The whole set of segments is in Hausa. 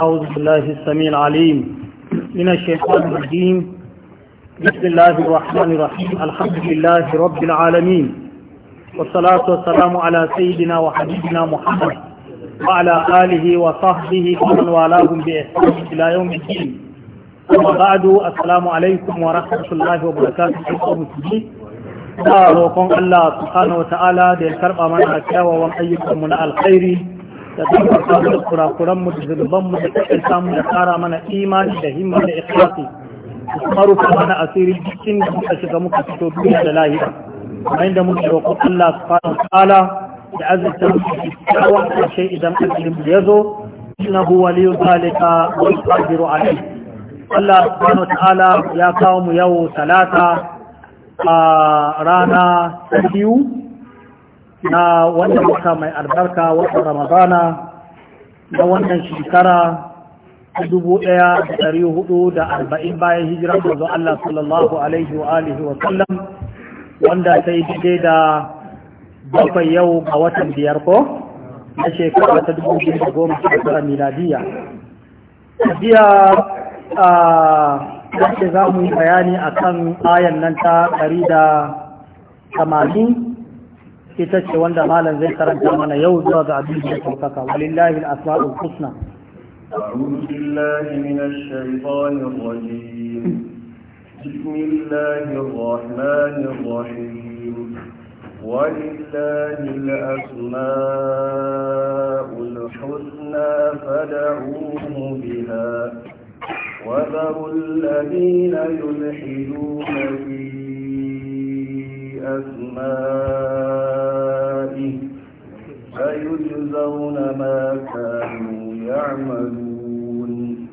أعوذ بالله السميع العليم من الشيطان الرجيم بسم الله الرحمن الرحيم الحمد لله رب العالمين والصلاة والسلام على سيدنا وحبيبنا محمد وعلى آله وصحبه ومن والاهم بإحسان إلى يوم الدين أما بعد السلام عليكم ورحمة الله وبركاته أيها المسلمين da roƙon Allah subhanahu wa ta'ala da ya karɓa mana kyawawan ayyukanmu da gafarta da kurakuran mu da zunuban mu da takaita mu da kara mana imani da himma da ikhlasi da kuma rufe mana asiri cikin da muka shiga muka fito duniya da lahira kamar da muke roƙo Allah subhanahu wa ta'ala da azurta mu kyakkyawan ƙarshe idan ajalin mu ya zo innahu waliyu zalika wal qadiru alayh Allah subhanahu wa ta'ala ya kawo mu yau talata a rana ta biyu na wanda wata mai albarka wata ramadana na wannan shekara arba'in bayan hijirar manzo Allah sallallahu alaihi wa’alihi wa sallam wanda ta yi da bakwai yau a watan biyar ko na shekara ta dubu biyu da goma shekara miladiya. Tafiya a yadda za mu yi bayani a kan ayan nan ta ɗari da tamanin ita ce مالا malam zai karanta يوز وضع دين ga abin da ɗaukaka أعوذ بالله من الشيطان الرجيم بسم الله الرحمن الرحيم ولله الأسماء الحسنى فدعوه بها وذروا الذين يلحدون في أسمائه يجزون ما كانوا يعملون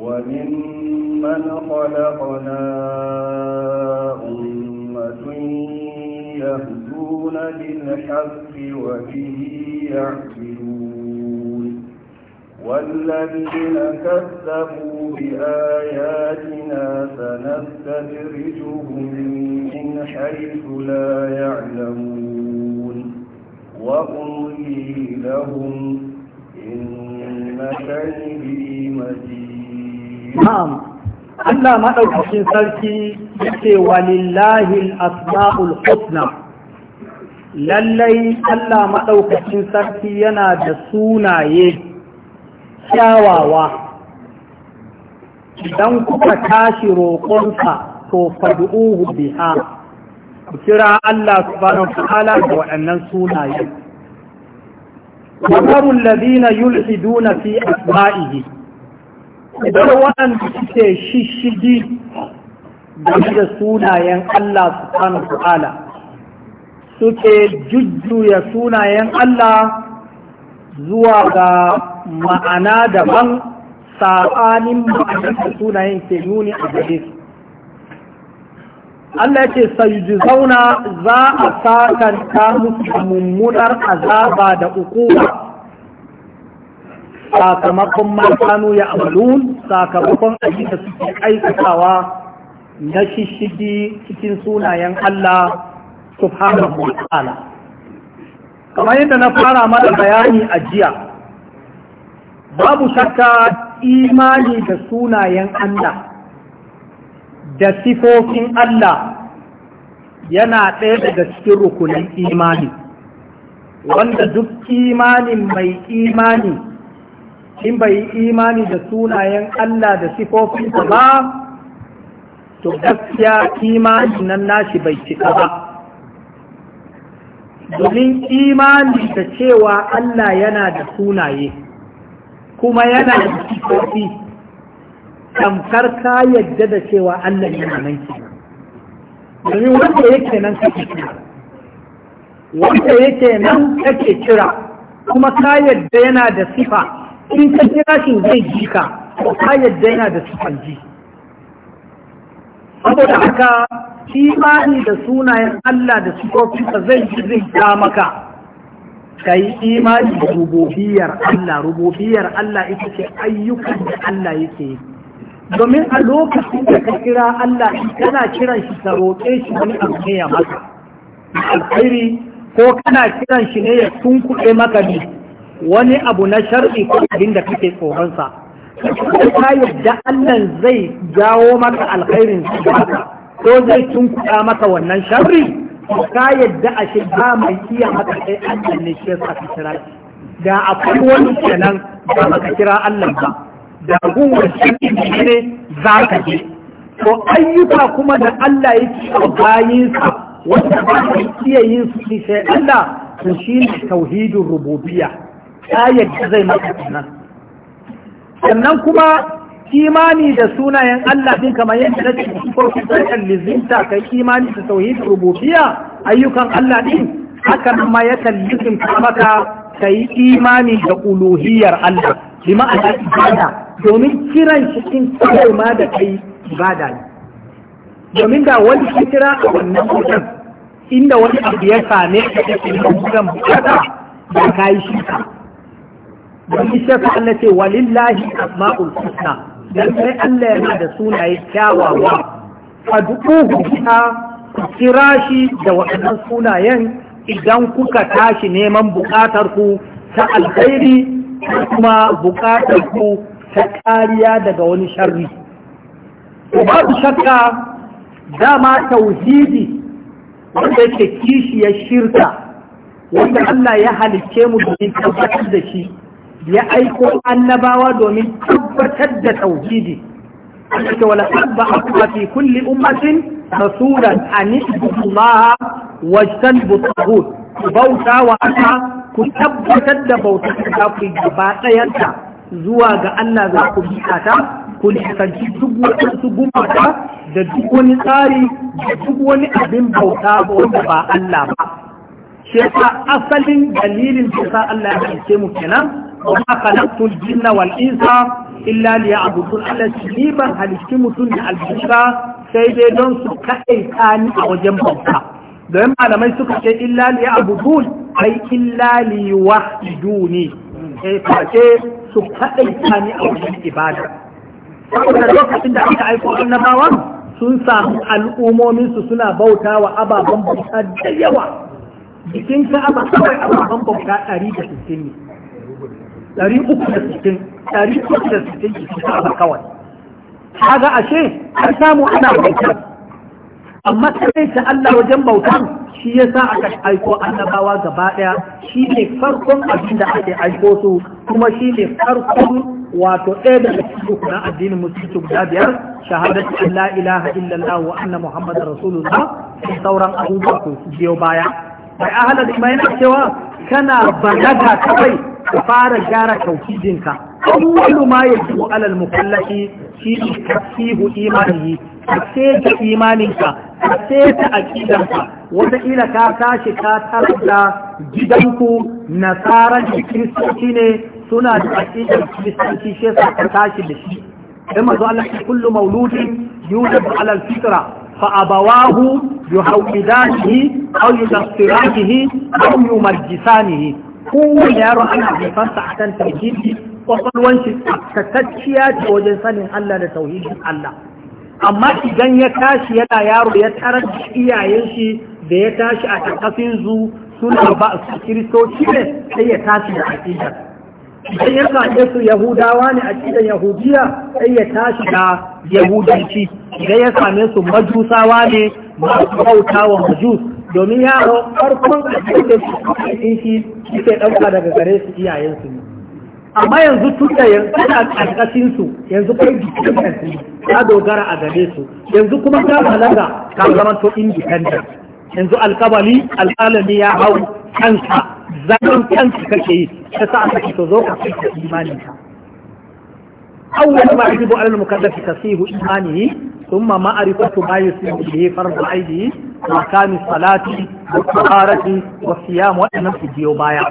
وممن خلقنا أمة يهدون بالحق وبه يعقلون والذين كذبوا بآياتنا سنستدرجهم من حيث لا يعلمون وهم كيلهم إن كيدي متين نعم Allah maɗaukacin sarki yake walillahi asma'ul husna lallai Allah maɗaukacin sarki yana da sunaye kyawawa idan kuka tashi roƙonsa to fadu'uhu biha ku kira Allah su wa ta'ala da waɗannan sunaye وذروا الذين يلحدون في أسمائه idan waɗanda suke shishigi game da sunayen Allah subhanahu ta'ala suke jujjuya sunayen Allah zuwa ga ma'ana daban saɓanin ma'anar da sunayen ke nuni a gare su Allah ya ce zauna za a sakanta musu mummunar azaba da ukuwa sakamakon makanu ya amalun sakamakon abin da suke aikatawa na shishidi cikin sunayen Allah subhanahu wa ta'ala kamar yadda na fara mara bayani a jiya babu shakka imani da sunayen Allah da sifofin Allah yana ɗaya daga cikin rukunin imani wanda duk imanin mai imani in bai yi imani da sunayen Allah da sifofinsa ba to gaskiya imani nan nashi bai cika ba domin imani da cewa Allah yana da sunaye kuma yana da sifofi tamkar ka yadda da cewa Allah yana nan ke domin wanda yake nan kake kira wanda yake nan kake kira kuma ka yadda yana da sifa in ka kira shi zai ji ka ka yadda yana da sifan ji saboda haka imani da sunayen Allah da sifofinsa zai ji zai ja maka ka yi imani da rububiyar Allah rububiyar Allah ita ce ayyukan da Allah yake yi domin a lokacin da ka kira Allah kana kiran shi ta roƙe shi wani abu ne ya maka alkhairi ko kana kiran shi ne ya tunkuɗe maka ne wani abu na sharɗi ko abin da kake tsoronsa ka yadda Allah zai jawo maka alkhairin maka ko zai tunkuɗa maka wannan sharri ka yadda a shi ba mai iya maka sai Allah ne shi ya sa ka kira da akwai wani kenan ba ka kira Allah ba da guwar shakki ne za ka je to ayyuka kuma da Allah yake a bayinsa wanda ba ka iya yin su shi sai Allah to shi ne tauhidin rububiyya ayat zai maka kenan sannan kuma imani da sunayen Allah din kamar yadda na cikin farko sarkar lizinta kai imani da tauhidin rububiyya ayyukan Allah din hakan ma ya kallifin maka kai imani da uluhiyar Allah bi ma'ana ibada domin kiran shi cikin kawai ma da kai ibada ne domin da wani shi kira a wannan kusan inda wani abu ya same ka da ke kusan bukata da ka yi shi ka domin shi ka Allah ce walillahi asma'ul husna dan sai Allah yana da sunaye kyawawa fad'uhu biha kira shi da waɗannan sunayen idan kuka tashi neman bukatar ku ta alkhairi kuma bukatar ku ta kariya daga wani sharri babu shakka dama tauhidi wanda yake kishiyar shirka wanda Allah ya halicce mu domin tabbatar da shi ya aiko annabawa domin tabbatar da tauhidi yake wala tabba akwa fi kulli ummatin rasulan an ibudullaha wajtanbu tagut bauta wa ku tabbatar da bautar da ku gaba ɗayanta zuwa ga Allah za ku bukata ku nisanci duk gumata da duk wani tsari da duk wani abin bauta ba wanda ba Allah ba shi yasa asalin dalilin da sa Allah ya halice mu kenan wa ma khalaqtul jinna wal insa illa liya'budun Allah shi ban halicci mutum da albisa sai dai don su kaɗaita ni a wajen bauta don malamai suka ce illa liya'budun ai illa liwahduni eh kace su kaɗaita ni a wajen ibada saboda lokacin da aka aiko annabawan sun samu al'ummominsu suna bauta wa ababen bauta da yawa Bikin ka aba kawai ababen bauta ɗari da sittin ne ɗari uku da sittin ɗari uku da sittin jikin aba kawai Haga ashe an samu ana bautar amma sai ta Allah wajen bautar shi ya sa aka aiko annabawa gaba ɗaya shi ne farkon abin da ake aiko su kuma shi ne farkon wato ɗaya daga cikin na addinin musulunci guda biyar shahadatu an la ilaha illallah wa anna muhammad rasulullah sauran abubuwa ko biyo baya bai ahalar ma yana cewa kana balaga kawai ka fara gyara tauhidinka awwalu ma mu alal mukallafi shi ne tasihu imani ce ga imaninka ce ta aqidanka wata ila ka tashi ka tarda gidanku nasara ji kristoci ne suna da aqidan kristoci shi sa ka tashi da shi sai mazo Allah ki kullu mauludin yulad ala alfitra fa abawahu yuhawidanihi aw yunasirahihi aw yumajjisanihi kowane yaro ana haifansa a kan tarjihi kwakwalwanci shi tsaftatacciya ce wajen sanin Allah da tauhidin Allah amma idan ya tashi yana yaro ya tarar da iyayen shi da ya tashi a ƙarƙashin zu suna ba su kiristoci ne sai ya tashi da aƙidar idan ya same su yahudawa ne a cikin yahudiya sai ya tashi da yahudanci idan ya same su majusawa ne masu bauta wa majus domin yaro farkon a cikin shi ɗauka daga gare su iyayensu ne amma yanzu tunda yanzu a karkashin yanzu kai dependent ya dogara a gare su yanzu kuma ka halaga ka zama to independent yanzu alkabali alkalami ya hau kanka zaman kanka kake yi ta sa aka fito zo ka fita imanin ka awwal ma yajibu ala al-mukallafi tasihu imanihi thumma ma'rifatu ma yusibu bihi fardu aidi wa kanu salati wa taharati wa siyam wa annabi biyo baya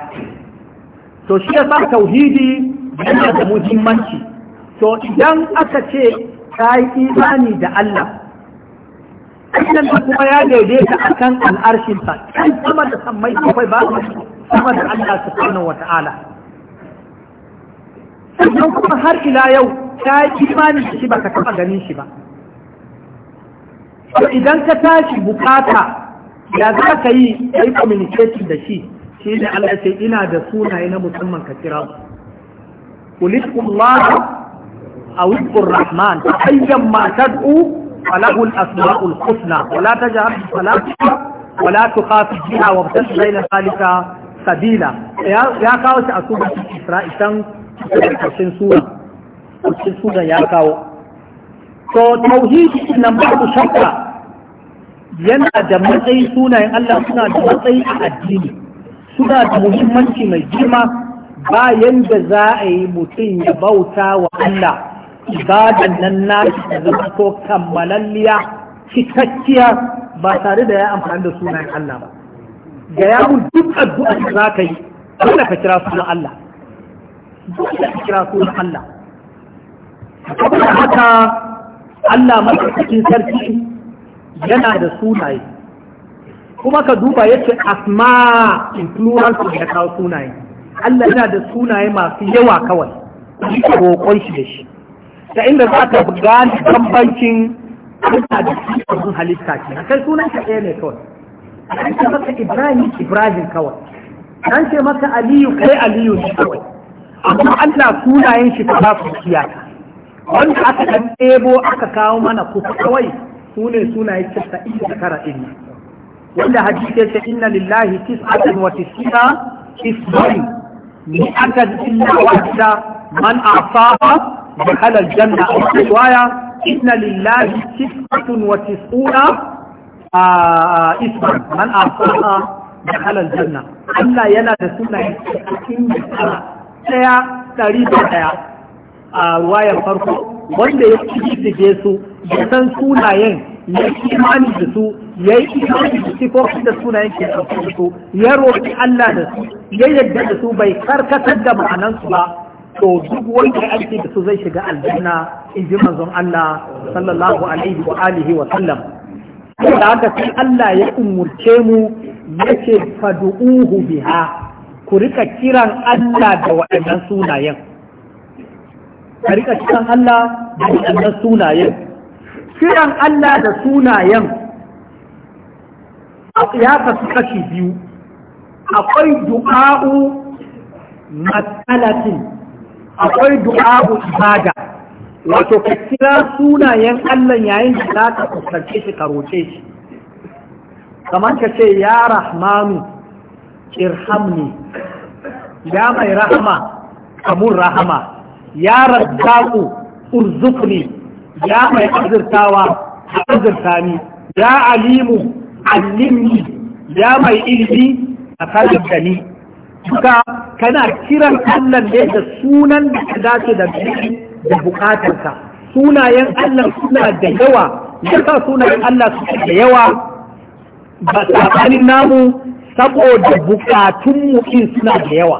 to shi ya yasa tauhidi yana da muhimmanci to idan aka ce ka yi imani da Allah idan kuma ya daidaita a kan al'arshinsa kan sama da sammai kawai ba su sama da Allah subhanahu wata'ala sannan kuma har ila yau ka yi imani da shi ba ka taɓa ganin shi ba to idan ka tashi bukata ya za ka yi ka yi communicating da shi shi da Allah sai ina da sunaye na musamman ka kira su kulitullah aw rahman ayyan ma tad'u falahu al-asma'ul husna wa la tajhar bi salatika wa la tuqafi biha wa btas bayna zalika sabila ya kawo shi a sunan Isra'i san cikin sura cikin sura ya kawo to tauhidi nan ba ku shakka yana da matsayi sunayen Allah suna da matsayi a addini suna da muhimmanci mai girma bayan da za a yi mutum ya bauta wa Allah ibadan nan na zama ko kammalalliya cikakkiya ba tare da ya amfani da sunan Allah ba ga yawon duk addu'a da za ka yi dole ka kira sunan Allah dole ka kira sunan Allah saboda haka Allah madaukakin sarki yana da sunaye kuma ka duba yace asma in plural su da kawo sunaye Allah yana da sunaye masu yawa kawai roƙon shi da shi ta inda za ka gane bambancin Allah da sunan halitta ke kai sunan ka ɗaya ne kawai an ce maka Ibrahim Ibrahim kawai an ce maka Aliyu kai Aliyu ne kawai amma Allah sunayen shi ba su kiyata wanda aka ɗan ɗebo aka kawo mana kuka kawai sune sunaye cikin sa'in da kara ɗin wanda hadisi ya ce inna lillahi tis'atan wa tis'ina ni aka illa wahda man asaha dakhala aljanna aw riwaya inna lillahi tis'atan wa tis'una isman man asaha dakhala aljanna Allah yana da sunaye 99 daya 100 a ruwayan farko wanda ya da su ya san sunayen ya imani da su ya yi imani da sifofin da sunayen ke ɗauke da su ya roƙi Allah da su ya yadda da su bai karkatar da ma'anansu ba to duk wanda ya aiki da su zai shiga aljanna in ji manzon Allah sallallahu alaihi wa alihi wa sallam da haka sai Allah ya umurce mu yace fadu'uhu biha ku rika kiran Allah da waɗannan sunayen ka rika kiran Allah da waɗannan sunayen kiran Allah da sunayen ya kasu kashi biyu akwai du'a'u matsalatin akwai du'a'u ibada wato ka kira sunayen Allah yayin da za ka kusurce shi ka roce shi kamar ka ce ya rahmanu irhamni ya mai rahama kamun rahama ya ku urzukni ya mai azurtawa azurta ni ya alimu alimni ya mai ilimi a kalibta ni duka kana kiran Allah ne da sunan da ka dace da da bukatarsa sunayen Allah suna da yawa sa sunayen Allah suna da yawa ba tsakanin namu saboda bukatunmu in suna da yawa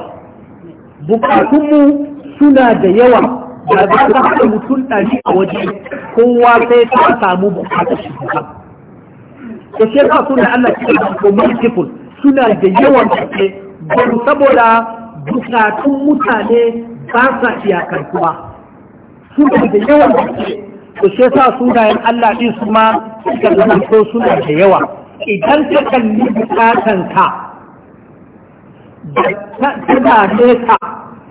bukatunmu suna da yawa da za ka haɗa mutum ɗari a waje kowa sai ta samu bukatar shi ba da shi yasa suna Allah ke da ko multiple suna da yawan kake don saboda bukatun mutane ba sa iyakantuwa suna da yawan kake to shi yasa sunayen Allah ɗin su ma suka zama suna da yawa idan ka kalli bukatan ka da tana nesa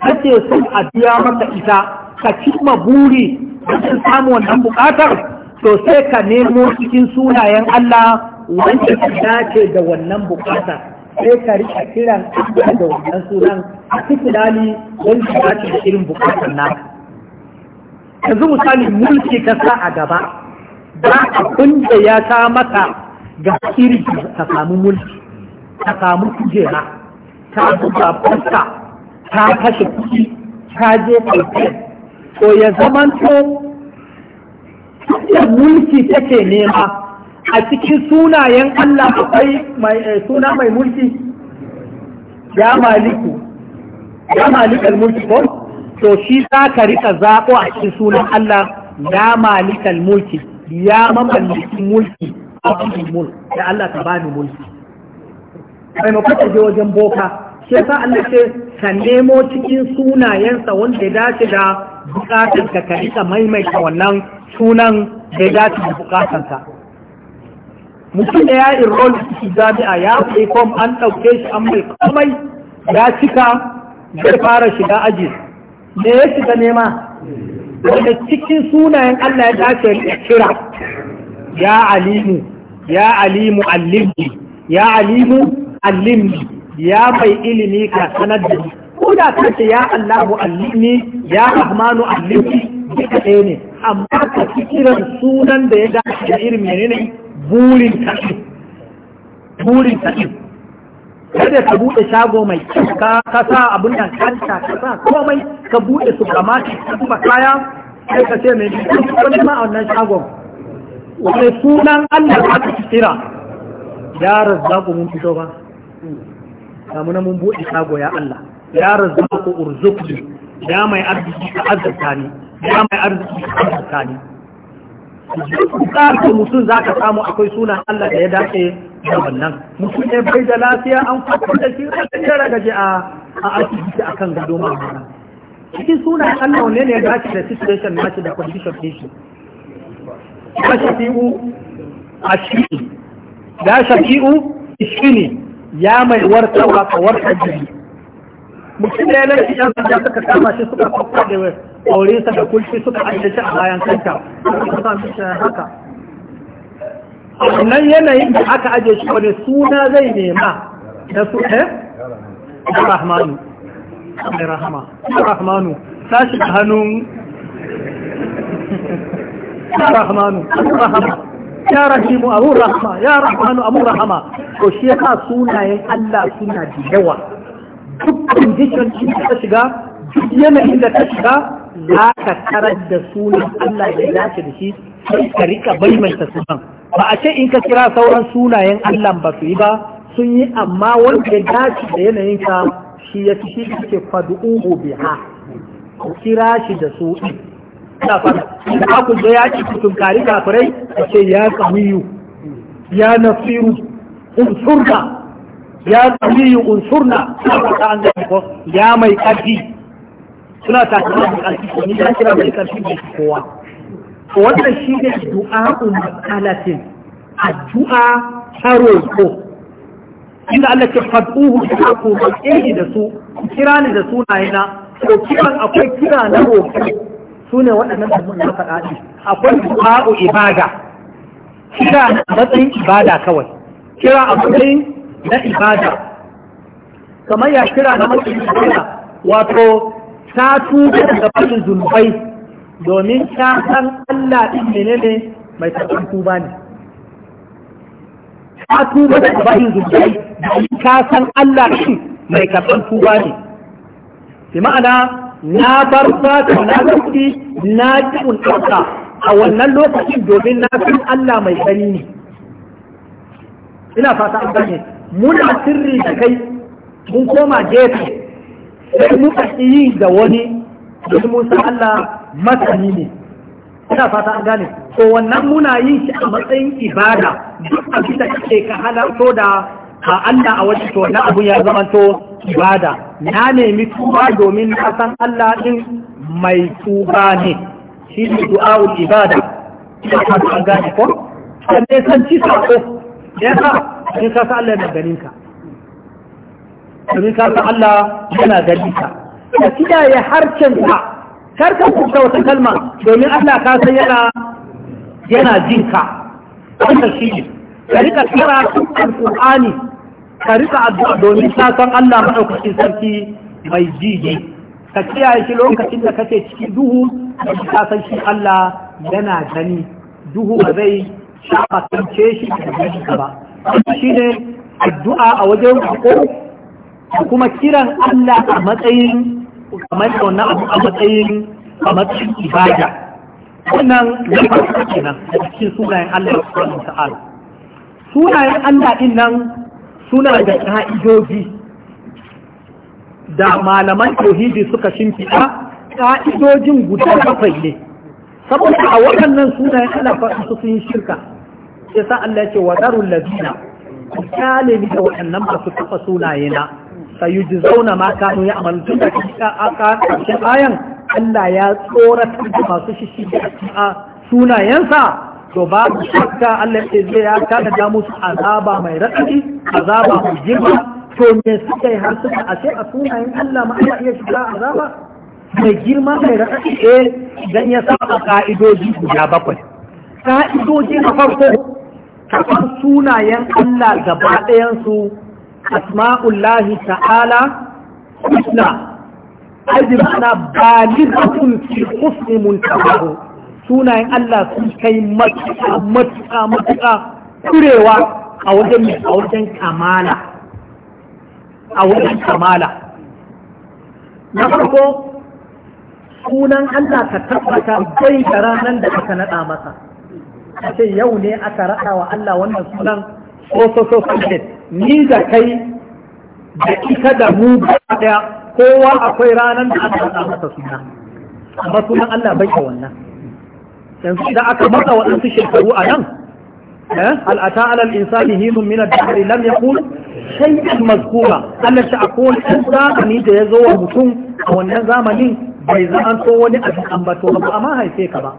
kake son a biya maka ita ka cimma buri wajen samu wannan bukatar to sai ka nemo cikin sunayen Allah wanda ka dace da wannan bukatar sai ka rika kiran Allah da wannan sunan a dali wanda ya dace da irin bukatar naka yanzu misali mulki ka sa a gaba ba abin da ya sa maka ga iri ka samu mulki ka samu kujera ka buga fasta ta kashe kuɗi ta je kamfen to ya zaman to ya mulki take nema a cikin sunayen Allah akwai eh, suna mai mulki ya maliku ya malikal mulki ko to shi za ka rika zaɓo a cikin sunan Allah ya malikal mulki ya mamallakin mulki a cikin mulki da Allah ta bani mulki maimakon je wajen boka shi yasa Allah ce ka nemo cikin sunayensa wanda ya dace da bukatar ka ka rika maimaita wannan sunan da ya dace da bukatar mutum da ya yi enroll cikin jami'a ya fi kom an ɗauke shi an mai komai ya cika zai fara shiga aji me ya shiga nema wanda cikin sunayen Allah ya dace ya kira ya alimu ya alimu allimni ya alimu ya mai ilimi ka sanar da ni ko da kace ya Allahu allimi ya Rahmanu allimi duka ɗaya ne amma ka ci kiran sunan da ya dace da irin menene burin ka burin ka kada ka buɗe shago mai ka ka sa abun nan kanta ka sa komai ka buɗe su kamata ka kuma kaya sai ka ce mai ko ma a wannan shagon wani sunan Allah aka kira ya razzaku mun fito ba samu na mun buɗe shago ya Allah ya razzaku urzuqni ya mai arziki ka azarta ni ya mai arziki ka azurta ni tsarki mutum za ka samu akwai sunan Allah da ya dace da wannan mutum ne bai da lafiya an kwakwar da shi ya gaje a asibiti a kan gado mamana cikin sunan Allah ne ne ya dace da situation shi da condition ɗin shi ya shafi'u a shi ya shafi'u ishini ya mai wartarwa ka wartar da shi mutum da ya laifi yan sanda suka kama shi suka kafa da aurinsa da kulshi suka ajiye a bayan kanta suka sa haka wannan yanayin da aka ajiye shi wani suna zai nema da su eh rahmanu mai rahama rahmanu sashi hannun rahmanu rahama ya rahimu abu rahma ya rahmanu abu rahama ko shi yasa sunayen Allah suna da yawa duk condition din da ta shiga duk yanayin da ta shiga za ka tarar da sunan Allah da ce da shi sai ka rika baimaita sunan ba a ce in ka kira sauran sunayen Allah ba su yi ba sun yi amma wanda ya dace da yanayin ka shi ya fi shi ke fadu'uhu kira shi da su da aku zo ya ci tutun kari kafirai a ce ya ya nasiru mai ƙarfi suna ta da ƙarfi ne ya kira mai ƙarfi da kowa wannan shi ne addu'a ko. inda Allah ke fad'uhu da aku da su kira ni da sunayena ko kiran akwai kira na roƙo su ne waɗannan da mun faɗa ɗi akwai du'a'u ibada kira a matsayin ibada kawai kira a matsayin na ibada kamar ya kira na matsayin ibada wato ta tuba daga fashin zunubai domin ta san Allah ɗin menene mai tafi tuba ne ta tuba daga fashin zunubai domin ta san Allah ɗin mai karɓar tuba ne bi ma'ana na bar fata na zafi na ji untarsa a wannan lokacin domin na fi Allah mai tsari ne ina fata an gane muna sirri da kai mun koma gefe sai muka yi da wani domin mun san Allah masani ne ina fata an gane ko wannan muna yin shi a matsayin ibada duk abin da kake ka to da Allah a wajen to wannan abu ya zamanto ibada na nemi tuba domin na san Allah din mai tuba ne shi ne du'a'ul ibada ina ka gane ko sannan san ci sako ya ka in ka san Allah yana ganin ka domin ka san Allah yana ganin ka ka kiyaye harshen ka kar ka kuka wata kalma domin Allah ka san yana yana jin ka wannan shi ne ka rika kira Al-Qur'ani ka rika addu'a domin ta san Allah maɗaukacin sarki mai jiji ka kiyaye shi lokacin da kake ciki duhu ka san shi Allah yana gani duhu ba zai shafakance shi da gani ba shi ne addu'a a wajen ko? kuma kiran Allah a matsayin kamar da wannan abu a matsayin a matsayin ibada wannan lafafa kenan a cikin sunayen Allah subhanahu sunayen Allah din suna da ƙa'idoji da malaman tauhidi suka shimfiɗa ƙa'idojin guda bakwai ne saboda a waɗannan sunayen ana faɗi su sun shirka ya sa Allah ce wa lafiya ku kyale ni da waɗannan masu taɓa sunaye na zauna ma kanu ya'malu tun da a ƙarshen ayan Allah ya tsoratar da masu shishi a sunayensa to babu shakka Allah ya ce ya kada da musu azaba mai raɗaɗi azaba mai girma to me suka yi har suka ashe a sunayen Allah ma Allah iya shiga azaba mai girma mai raɗaɗi eh dan ya saba ka'idoji guda bakwai ka'idoji na farko kafin sunayen Allah gaba ɗayan su asma'ullahi ta'ala husna ai bi ma'ana balighatun fi husni muntahahu sunayen Allah sun kai matuƙa matuƙa matuƙa kurewa a wajen a wajen kamala a wajen kamala na farko sunan Allah ka tabbata bai da ranar da aka naɗa masa a ce yau ne aka raɗa wa Allah wannan sunan so ni da kai da ita da mu ɗaya kowa akwai ranar da aka naɗa masa suna amma sunan Allah bai da wannan yanzu idan aka matsa waɗansu shekaru a nan eh, al'ata alal insani hinun da dahari lam ya kun shay'an mazkura Allah ta akwai ɗan zamani da ya zo wa mutum a wannan zamanin bai za'anto wani abin ambato ba amma haife ka ba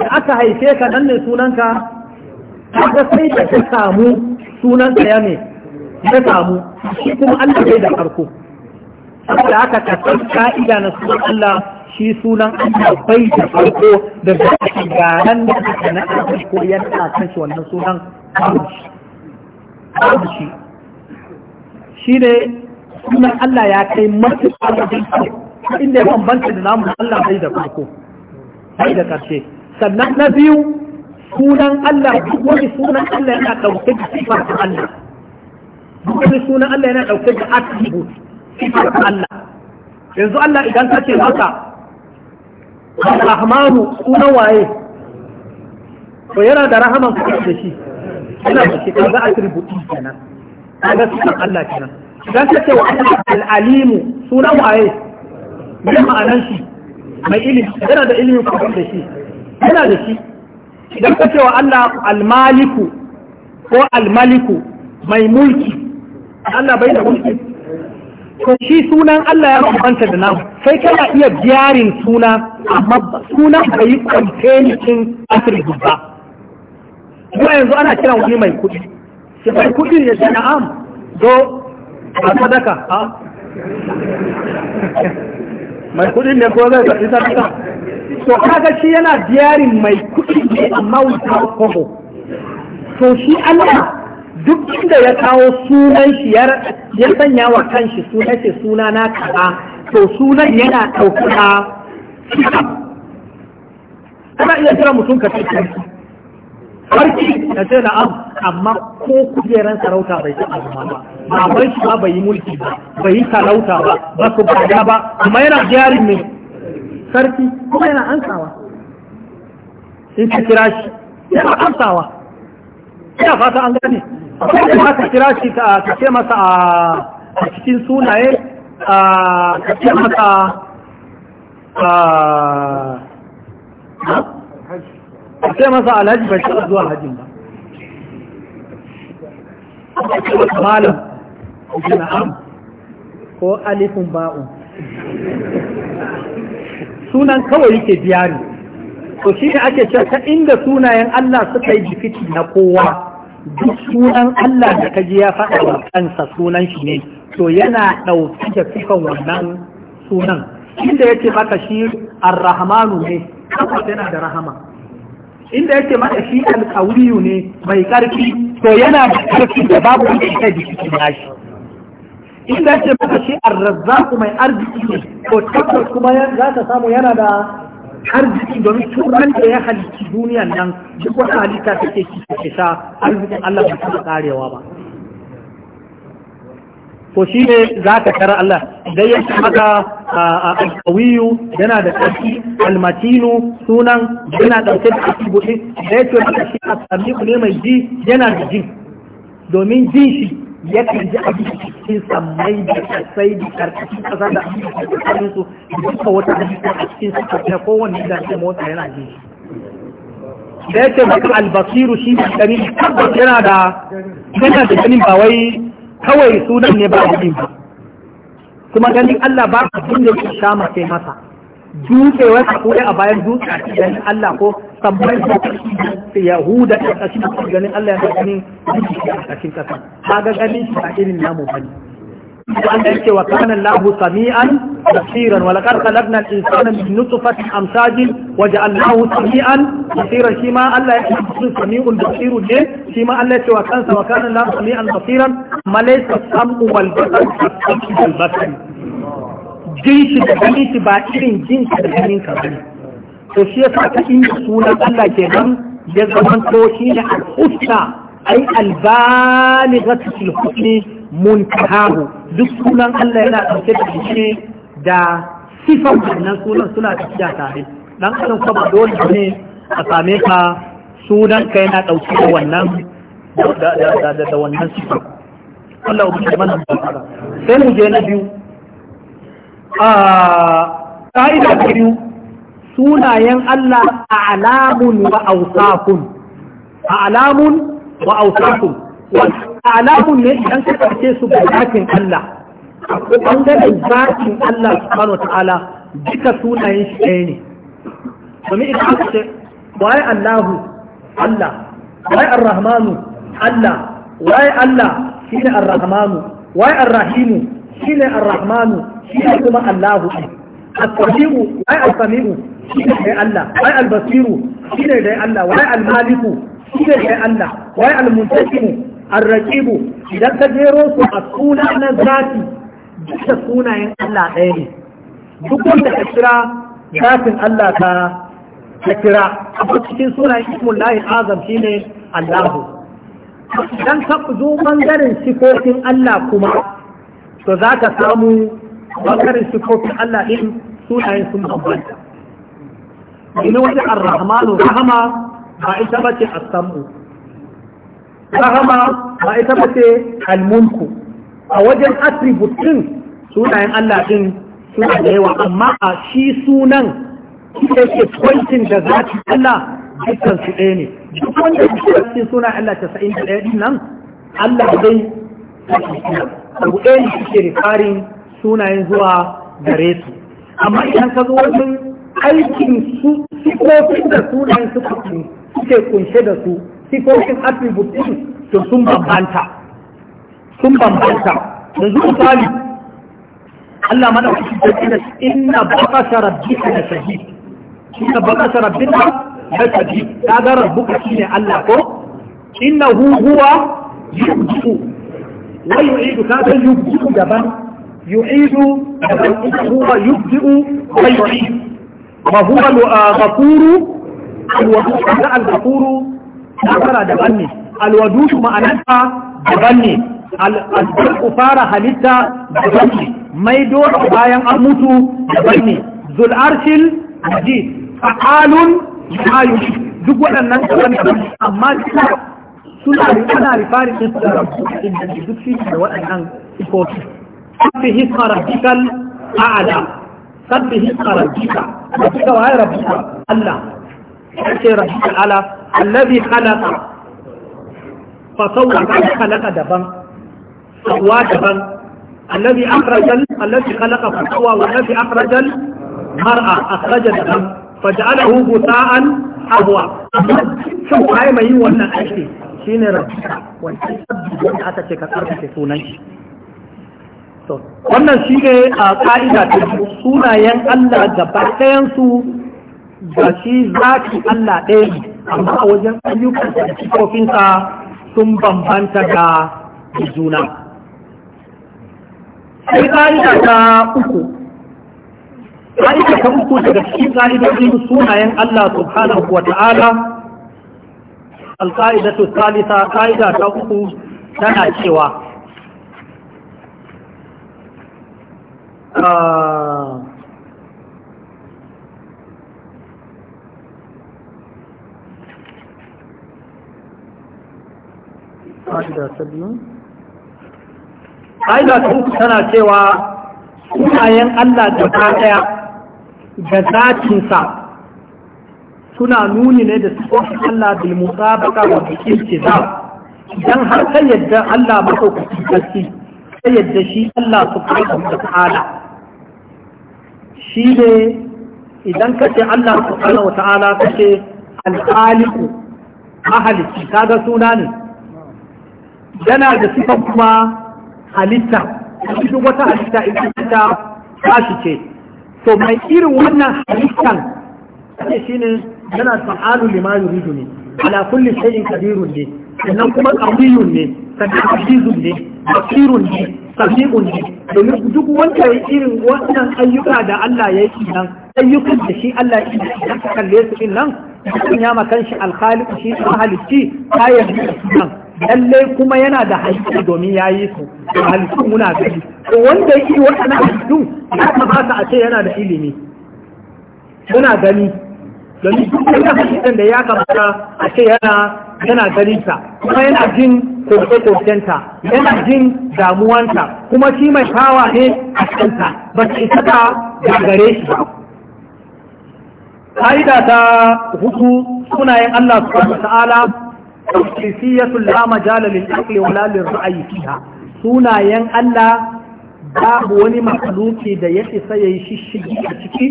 da aka haife ka nan ne sunanka kaga sai da ka samu sunanka ya ne ya samu shi kuma Allah bai da farko saboda aka ka san ka'ida na sunan Allah shi sunan Allah bai da farko da za a ci ganan da suka na aka ko yana kan shi wannan sunan babu shi shi ne sunan Allah ya kai matuƙa wajen kyau inda ya bambanta da namun Allah bai da farko bai da ƙarshe sannan na biyu sunan Allah duk wani sunan Allah yana ɗauke da sifar Allah duk wani sunan Allah yana ɗauke da attribute sifar Allah yanzu Allah idan ka ce maka al-ahmaru sunan waye to yana da rahama kuma da shi yana da shi kaga attribute kenan kaga sunan Allah kenan idan ka ce wa Allah al-alimu sunan waye me ma'anar shi mai ilimi yana da ilimi kuma da shi yana da shi idan ka ce wa Allah al-maliku ko al-maliku mai mulki Allah bai da mulki to shi sunan Allah ya bambanta da namu sai kana iya biyarin suna amma sunan bai yi kwantenikin asirin ba kuma yanzu ana kiran wani mai kuɗi shi mai kuɗi ya ce na'am zo a sadaka a mai kuɗin ne ko zai karɓi sadaka to kaga shi yana biyarin mai kuɗi ne amma wuta kogo to shi Allah duk inda ya kawo sunan shi ya sanya wa kanshi sunan shi suna na kaza to sunan yana ɗaukaka ana iya kira mutum ka ce sarki na ce na'am amma ko kujeran sarauta bai ci azuma ba baban shi ba bai yi mulki ba bai yi sarauta ba ba su gada ba amma yana jarin ne sarki kuma yana ansawa in ka kira shi yana ansawa ina fata an gane ma a cikin masa alhaji bai taɓa zuwa hajjin ba malam ko alifin ba'un sunan kawai yake biya ne to shi ne ake cewa ta inda sunayen Allah suka yi jikiti na kowa duk sunan Allah da kaji ya faɗa wa kansa sunan shi ne to yana ɗauki da sifan wannan sunan inda yake maka shi arrahmanu ne kafa yana da rahama inda yake maka shi alkawiyu ne mai ƙarfi to yana da ƙarfi da babu wanda ya kai jiki nashi inda yake maka shi arrazzaku mai arziki ne to tabbas kuma za ka samu yana da har jiki domin turan da ya halitti duniyan nan duk wata halitta take ke ta sa arzikin Allah ba ta karewa ba Ko shi ne za ka kara Allah idan ya ce maka alkawiyu yana da ƙarfi almatinu sunan yana ɗauke da ƙarfi buɗe da ya ce maka shi a sami ne mai ji yana da jin domin jin shi ya ji abin cikin sammai da sai da karkashin kasa da abin da kasar su duka wata halitta a cikin su ta kowanne da ke motsa yana ji da yake maka albasiru shi ne gani tabbas yana da yana da ganin ba wai kawai sunan ne ba a ba kuma ganin Allah ba abin da ke sha mace masa dutse wai ka a bayan dutse a cikin Allah ko da ya Yahuda a cikin da ganin Allah ya ganin dutse a cikin ƙasa ka ga ganin shi a irin namu bane wanda yake wa kana Allahu sami'an basiran wa laqad khalaqna al-insana min nutfatin amsajin wa ja'alnahu sami'an basiran shi ma Allah ya ce sami'un basirun ne shi ma Allah ya ce wa kansa sami kana Allahu sami'an basiran malaysa sam'u wal basar wal basar jin da ganinsu ba irin jinsi da ganin ba ne. to shi yasa ta inda sunan Allah ke nan ya zama to shi ne al-husna ai al-balighatu fil husni muntahahu duk sunan Allah yana ɗauke da shi da sifan wannan sunan suna tafiya tare dan adam ko ba dole ne a same ka sunan ka yana ɗauke da wannan da wannan sifan Allah ubangiji mana sai mu je na biyu a ƙa'ida biyu sunayen Allah a alamun wa ausafun a alamun wa ausafun a alamun ne idan ka ɗauke su ga zafin Allah a gani zafin Allah su wa ta'ala duka sunayen shi ɗaya ne domin ita aka ce waye Allahu Allah waye Ar-Rahmanu Allah waye Allah ne Ar-Rahmanu waye Ar-Rahimu ne Ar-Rahmanu shi kuma Allahu as-sami'u ai as-sami'u shi ne dai Allah ai al-basiru shi ne dai Allah wai al-maliku shi ne dai Allah wai al-muntakimu ar-raqibu idan ka jero su a suna na zati duka sunayen Allah ɗaya ne duk wanda ka kira zatin Allah ka ka kira abu cikin sunayen ismullahi azam shine Allahu idan ka zo bangaren sifofin Allah kuma to za ka samu bakarin sifofin Allah din sunayen sun bambanta ina wani arrahmanu rahama ba ita bace as-sam'u rahama ba ita bace al-mulku a wajen attribute sunayen Allah ɗin suna da yawa amma a shi sunan shi ke pointing da zati Allah dukkan su ɗaya ne duk wanda ke cikin suna Allah casa'in da ɗaya nan Allah zai abu ɗaya ne suke rifarin sunayen zuwa gare su amma idan ka zo wajen aikin su sifofin da sunayen suke kunshe da su sifofin attributes to sun bambanta sun bambanta da zuwa misali Allah mana kusa da kina inna baqasha rabbika la shahid inna baqasha rabbika la shahid kaga rabbuka shine Allah ko innahu huwa yubdu wa yu'idu kaga yubdu daban يعيد هو يبدئ ويعيد وهو الغفور الودود معنى الغفور نفر دبني الودود معناها دبني الجرح فار halitta daban ne mai dole bayan an mutu daban ne zul'arshil majid fa'alun yayu duk waɗannan daban amma suna ana rifarin da duk shi da waɗannan sifofi sabbihi isma rabbikal a'la sabbihi isma rabbika rabbika wa rabbika Allah ce rabbikal ala allazi khalaqa fa sawwa khalaqa daban sawwa daban الذي أخرج الذي خلق فسوى والذي أخرج المرأة أخرج الدم فجعله wannan aiki? شوف هاي ما يوانا أشي شين ce ka أتتك أربك سونيش wannan shi ne a ƙa'ida ta sunayen Allah gaba ɗayansu ga shi zafi Allah ɗaya ne amma a wajen ayyukan da cikokinsa sun bambanta da juna sai ƙa'ida ta uku ƙa'ida ta uku daga cikin ƙa'idodin sunayen Allah subhanahu wa ta'ala al salisa ƙa'ida ta uku tana cewa ƙa'ida ta uku tana cewa sunayen Allah da ɗaya da zacinsa suna nuni ne da sufofin Allah bil musabaka wa bikin kiza idan har sai yadda Allah maɗaukaki kaski sai yadda shi Allah subhanahu wa ta'ala shi ne idan ka ce Allah subhanahu wata'ala ka ce alhaliku mahalici kaga suna ne yana da sifan kuma halitta duk wata halitta ita ta tashi ce to mai irin wannan halittan ce shine yana fa'alu lima yuridu ne ala kulli shay'in kadirun ne sannan kuma ƙawiyun ne sannan azizun ne basirun ne sami'un ne domin duk wanda ya irin wannan ayyuka da Allah ya yi nan ayyukan da shi Allah ya yi idan ka kalle su din nan mutum ya makan shi alkhaliq shi mahalicci kayan nan lalle kuma yana da halittu domin ya yi su halittu muna gani to wanda ya yi waɗannan halittu ya kamata a ce yana da ilimi muna gani domin duk da hadisin da ya kamata a ce yana yana ganin kuma yana jin koke yana jin damuwanta kuma shi mai hawa ne a kanta ba ta isa ta gagare shi ba ƙa'ida ta hudu sunayen Allah su wa ta'ala tawqifiyatu la majala lil aqli wala ra'ayi, fiha sunayen Allah babu wani makhluki da ya isa yayi shishigi a ciki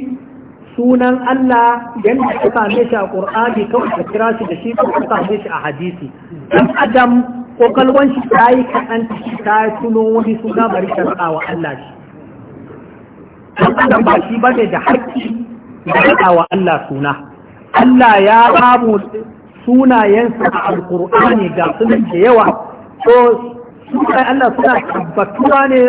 sunan Allah yadda ka same shi a Qur'ani kawai ka kira shi da shi ko ka same shi a hadisi dan adam ko kokalwan shi ta yi shi ta tuno wani suna bari sharaɗa wa Allah shi dan adam ba shi bane da haƙƙi da raɗa wa Allah suna Allah ya babu sunayensa a al Alƙur'ani ga sunan da yawa ko sunan Allah suna tabbatuwa ne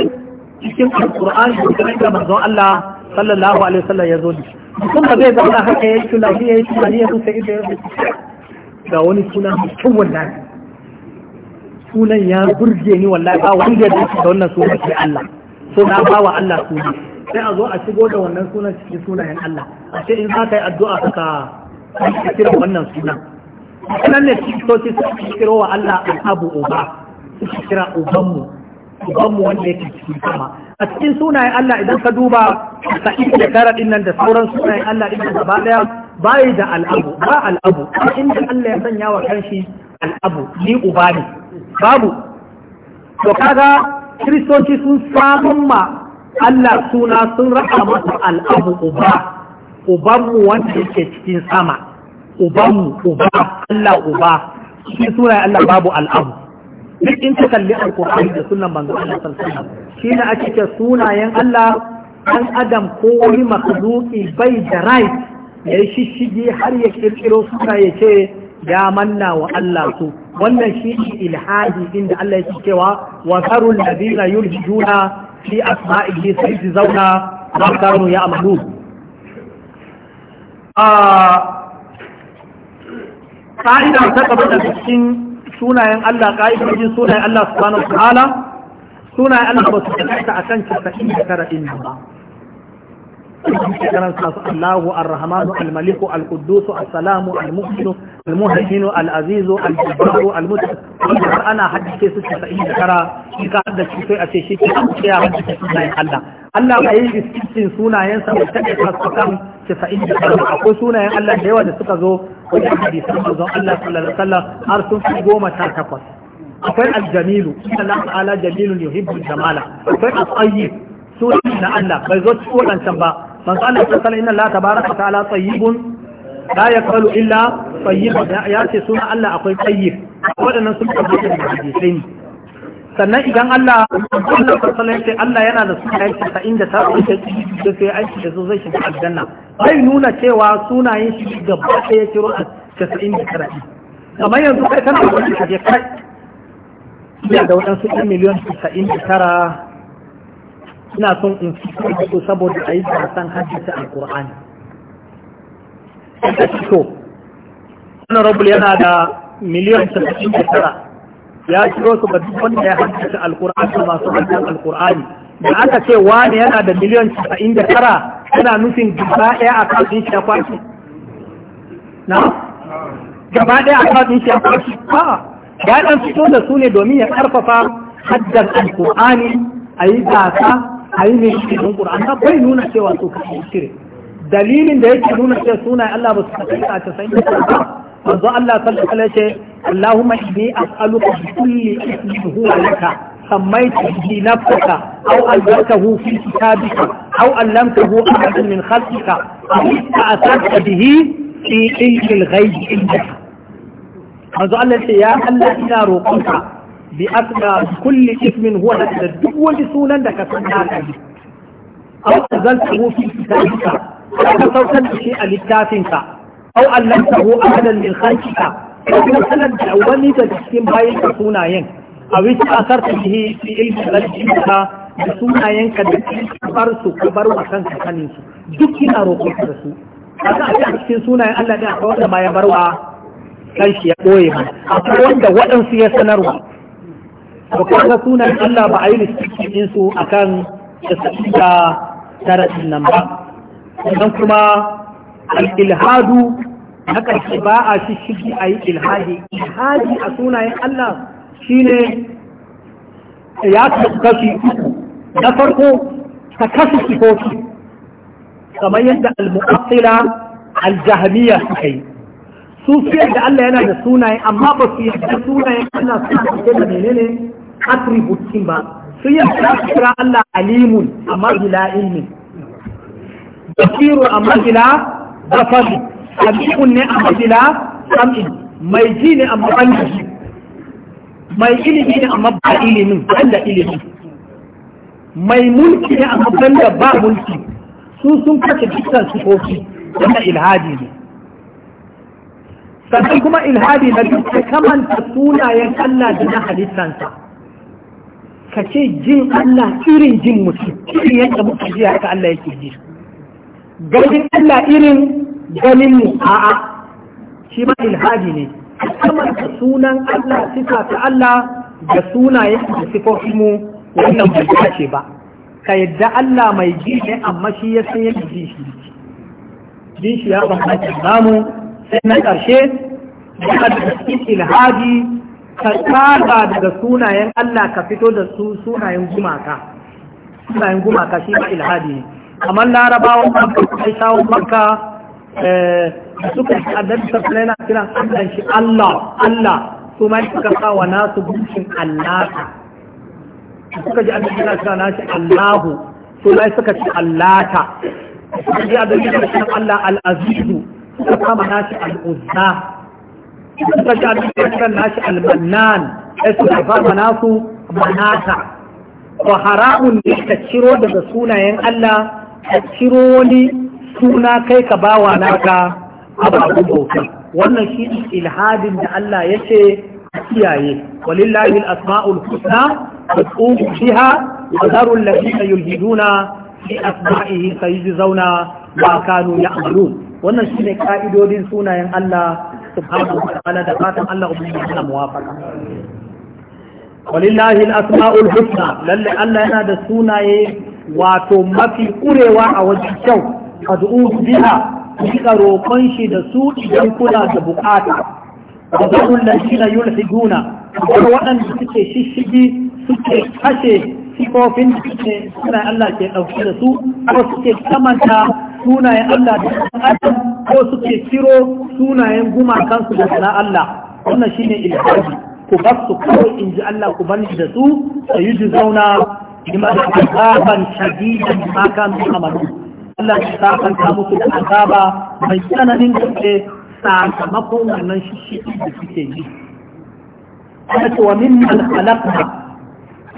cikin Al-Kur'ani, Alƙur'ani da manzon Allah sallallahu alaihi wasallam ya zo da shi mutum ba zai zama haka ya yi tunani ya yi tunani ya kusa ido ya ga wani suna mutum wallahi sunan ya burge ni wallahi ba wanda ya da wannan sunan sai Allah suna ba wa Allah suna sai a zo a shigo da wannan sunan cikin sunayen Allah a ce in za ka yi addu'a ka ka kira wannan sunan sunan ne cikin sosai suka kira wa Allah al'abu uba suka kira ubanmu ubanmu wanda yake cikin sama a cikin sunaye Allah idan ka duba sa'id da tara din nan da sauran sunayen Allah din nan ba daya bai da al'abu ba al'abu inda Allah ya sanya wa kanshi al'abu ni uba ne babu to kaga kristoci sun samun ma Allah suna sun raka masa al'abu uba ubanmu wanda yake cikin sama ubanmu uba Allah uba shi sunayen Allah babu al'abu duk in ta kalli alkur'ani da sunan manzo Allah sallallahu shi wasallam ake ce sunayen Allah an adam ko wani makhluki bai da right ya yi shishigi har ya kirkiro suna ya ce ya manna wa Allah su wannan shi ilhadi inda Allah ya cewa wa sarul ladina yulhiduna fi asma'ihi sai su zauna ba kanu ya amalu ka'ida ah, ta gaba da cikin sunayen Allah ka'idojin sunayen Allah subhanahu wa ta'ala sunayen Allah ba su taƙaita akan 99 ɗin ba kiran sa Allahu Ar-Rahman Al-Malik Al-Quddus As-Salam Al-Mu'min Al-Muhaymin Al-Aziz Al-Jabbar Al-Mutlaq ana haddace su 99 in ka haddace sai a ce shi ke ya haddace sunayen Allah Allah ba yi iskin sunayen sa ba take tasfakan 99 akwai sunayen Allah da yawa da suka zo wajen hadisan manzon Allah sallallahu alaihi wasallam goma akwai aljamilu Allah jamala akwai bai zo ba man Allah ta sallallahu inna Allah tabaraka ta'ala tayyibun la yaqbalu illa tayyib ya ce suna Allah akwai tayyib waɗannan sun tabbata da sannan idan Allah Allah sallallahu sai Allah yana da sunayen sa inda ta wuce da sai aiki da zai shiga aljanna bai nuna cewa sunayen shi gaba ɗaya kiro a 99 kamar yanzu kai kana da wani kaje kai ina da waɗansu ɗan miliyan casa'in da tara ina son in fito saboda a yi gasan A alkur'ani ta fito rabu yana da miliyan tara ya kiro su ga duk wanda ya hadisa alkur'ani masu hadisan alkur'ani da aka ce wani yana da miliyan tara yana nufin gaba ɗaya a kan shi ya kwashi na gaba ɗaya a kan shi ya kwashi ya ɗan fito da su ne domin ya ƙarfafa haddan alkur'ani a yi gasa a yi mai shi ɗin ta bai nuna cewa su kashe shirye dalilin da yake nuna cewa suna Allah ba su kasance a tasa'in da ba manzo Allah sallallahu alaihi wasallam Allahumma inni as'aluka bi kulli ismin huwa laka sammaita bi nafsika aw albarkahu fi kitabika aw allamtahu ahadan min khalqika aw ta'atta bihi fi ilmi al-ghaib indaka manzo Allah ya Allah ina roƙonka bi asma kulli ismin huwa da duk wani sunan da ka san naka aw anzaltahu fi kitabika ka saukar da shi a littafinka aw allamtahu ahadan min khalqika ko kuma sanar da wani da cikin bayan ka sunayen a wita asar ta bihi fi ilmi khalqika da sunayen sunayenka da bar su ka bar wa kanka sanin su duk kina roƙo da su kaga a cikin sunayen Allah da akwai wanda ma ya barwa kanshi ya ɓoye mana akwai wanda waɗansu ya sanarwa to kaga sunan Allah ba a yi lissafi din su akan da tara nan ba sannan kuma al-ilhadu haka shi ba a shishigi a yi ilhadi ilhadi a sunayen Allah shi ne ya kashi na farko ta kashi sifofi kamar yadda al-mu'attila al-jahmiya suka yi su su yadda Allah yana da sunaye amma ba su yadda sunayen Allah suna da menene attributes din ba sun yi kira Allah alimun amma ila ilmi basiru amma ila basari sabiqun ne amma ila sam'in mai ji ne amma ban mai ilimi ne amma ba ilimin Allah ilimi mai mulki ne amma ban da ba mulki su sun kace dukkan kofi, wanda ilhadi ne sannan kuma ilhadi na duk kamanta sunayen Allah da na halittansa ka ce jin Allah irin jin mutum irin yadda muka ji haka Allah yake ji ganin Allah irin ganin mu a'a shi ma ilhadi ne kamar da sunan Allah sifa ta Allah da sunaye da sifofin mu wannan bai dace ba ka yadda Allah mai ji ne amma shi ya san yadda ji shi ji shi ya bambanta namu sai na ƙarshe da ilhadi ka tsaba daga sunayen Allah ka fito da su sunayen gumaka sunayen gumaka shi ma ilhadi ne kamar larabawan makka kai shawo maka eh, da suka yi ta sallallahu alaihi wasallam kiran Allah shi Allah Allah su ma suka sa wa nasu gumshin Allah suka ji annabi sallallahu alaihi nasu shi Allahu su ma suka ci ta. suka ji annabi sallallahu alaihi Allah al-azizu suka kama nasu al-uzza suka ci abin da nashi almanan ya suka fama nasu manata wa haramun ne ka ciro daga sunayen Allah ka ciro wani suna kai ka bawa naka ababen bauta wannan shi ilhadin da Allah ya ce a kiyaye walillahi al-asma'ul husna fad'u biha wa dharu alladhina yulhiduna fi asma'ihi zauna ma kanu amalu. wannan ne ka'idodin sunayen Allah subhanahu wa ta'ala da fatan Allah ubangiji yana muwafaka walillahi al-asma'ul husna lalle Allah yana da sunaye wato mafi kurewa a wajen kyau fad'u biha kika roƙon shi da su idan kuna da bukata wa da'ul ladina yulhiduna ko waɗanda suke shishigi suke kashe sifofin da suke suna Allah ke ɗauke da su ko suke kamanta sunayen Allah da Adam ko suke kiro sunayen gumakansu da na Allah wannan shine ilhaji ku bar su kawai in ji Allah ku bar da su sai ji zauna bima da azaban shadidan ma kan amalu Allah ya ta musu da azaba mai tsananin gaske sakamakon wannan shi da suke yi wa mimman halaqna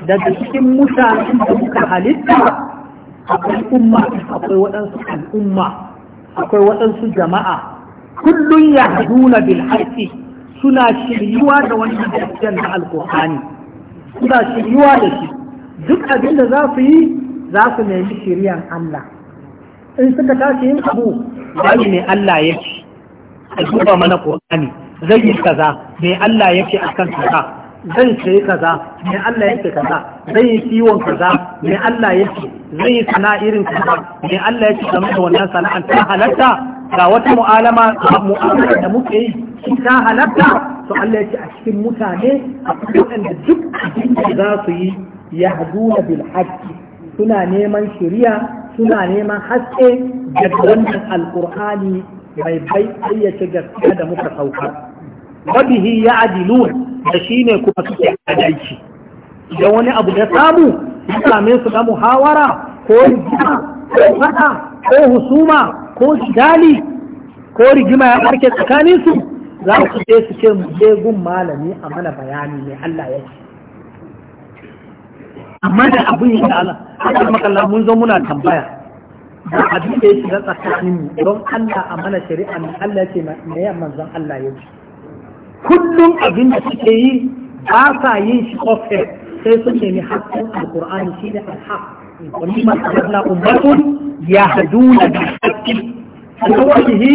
daga cikin mutanen da muka halitta akwai umma akwai waɗansu al'umma akwai waɗansu jama'a kullum ya haduna bil suna shiryuwa da wani gaskiyar na alƙur'ani suna shiryuwa da shi duk abin da za su yi za su nemi shiryan Allah in suka tashi yin abu wani ne Allah ya ce a duba mana ƙur'ani zai yi kaza me Allah ya ce akan kaza zan ce kaza mai Allah yake kaza zan yi kiwon kaza mai Allah yake zan yi sana irin kaza mai Allah yake game da wannan sana'an ta halatta ga wata mu'alama mu'amala da muke yi ta halatta to Allah yake a cikin mutane a waɗanda duk abin za su yi ya haduna bil haqqi suna neman shiriya suna neman haske daga wannan alqur'ani mai bayyace gaskiya da muka saukar wabihi ya da shi ne kuma suke adalci idan wani abu na samu ya same su da muhawara ko rigima ko fada ko husuma ko jidali ko rigima ya barke tsakaninsu, za su je su ce mu je gun malami a mana bayani ne Allah ya ce amma da abin yi da Allah makalla mun zo muna tambaya da abin da ya shiga tsakanin mu don Allah a mana shari'a Allah ya ce me manzon Allah ya ce kullum abin da suke yi ba sa yin shi ofe sai sun nemi haƙƙin alƙur'ani shi ne alhaq wani masarabna ummatun ya hadu da haƙƙi a kawaihi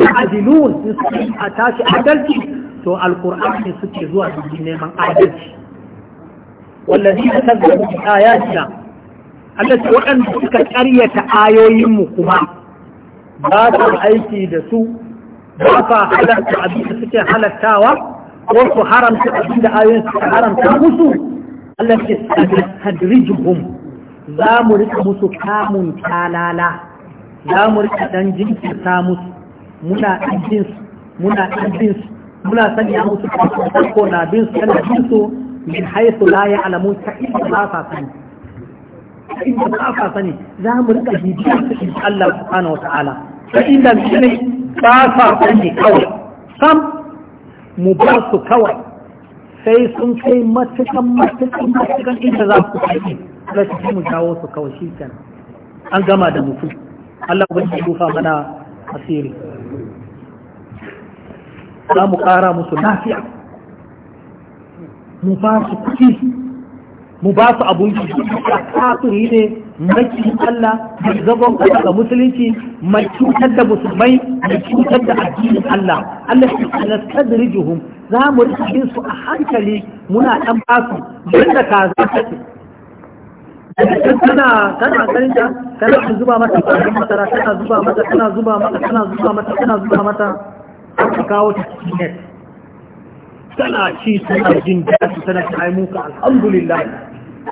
ya adilun sun suke a tashi adalci to alƙur'ani suke zuwa su neman adalci wallazi da kazzabu bi ayatina allati waɗanda suka ƙaryata ayoyinmu kuma ba su aiki da su ba sa halatta abin da suke halattawa ko su haramta abin da ayoyin suka haramta musu Allah ke tadrijuhum za mu rika musu kamun talala za mu rika dan jinkirta musu muna dan jin muna dan jin su muna sanya musu ko na bin su kana jin su min haythu la ya'lamun ta inda ba sa sani inda ba sa sani za mu rika bibiyar su insha Allah subhanahu wa ta'ala ta inda ne ba sa ne kawai sam mu ba su kawai sai sun kai matukan matukan matukan inda za su kai sai mu jawo su kawai shi kan an gama da mutu Allah ba shi kufa mana asiri za mu ƙara musu lafiya mu ba su kuɗi mu ba su abinci a kafiri ne maki Allah mai zagon kasa ga musulunci mai cutar da musulmai mai cutar da addinin Allah Allah shi ala tadrijuhum za mu rike su a hankali muna dan basu Mun da kaza ka ce kana kana ganin ta kana zuba mata kwanan masara kana zuba mata kana zuba mata kana zuba mata kana zuba mata ka kawo ta cikin net tana ci tana jin daɗi tana ta ai muka alhamdulillah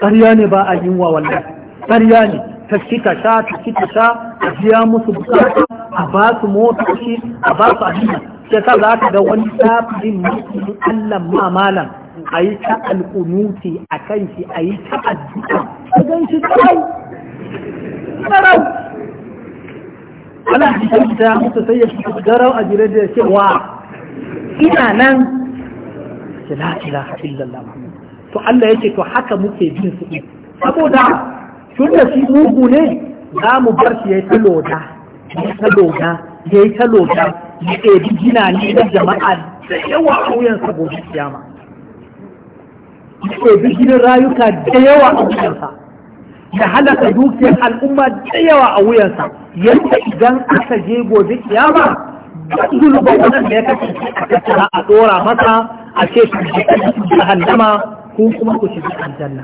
ƙarya ne ba a yinwa wannan. ƙarya ne ta ci ta sha ta ci ta sha a biya musu bukata a ba su motoci a ba su abinci sai ka za ka ga wani tafin mutum Allah ma malam a yi ta alƙunuti a kan shi a yi ta addu'a a gan shi tsarau tsarau Allah ji ta ya mutu sai ya shiga garau a jire da ya ce wa ina nan la ilaha illallah to Allah yake to haka muke bin su saboda tun da shi mugu ne za mu bar shi ya yi ta loda ya yi ta loda ya yi ta loda ya ɗebi gina ne da jama'a da yawa a wuyansa gobe kiyama ya ɗebi gina rayuka da yawa a wuyansa ya halaka dukiyar al'umma da yawa a wuyansa yadda idan aka je gobe kiyama duk zulubar wannan da ya kasance a tattara a ɗora masa a ce ku shiga jahannama ko kuma ku shiga aljanna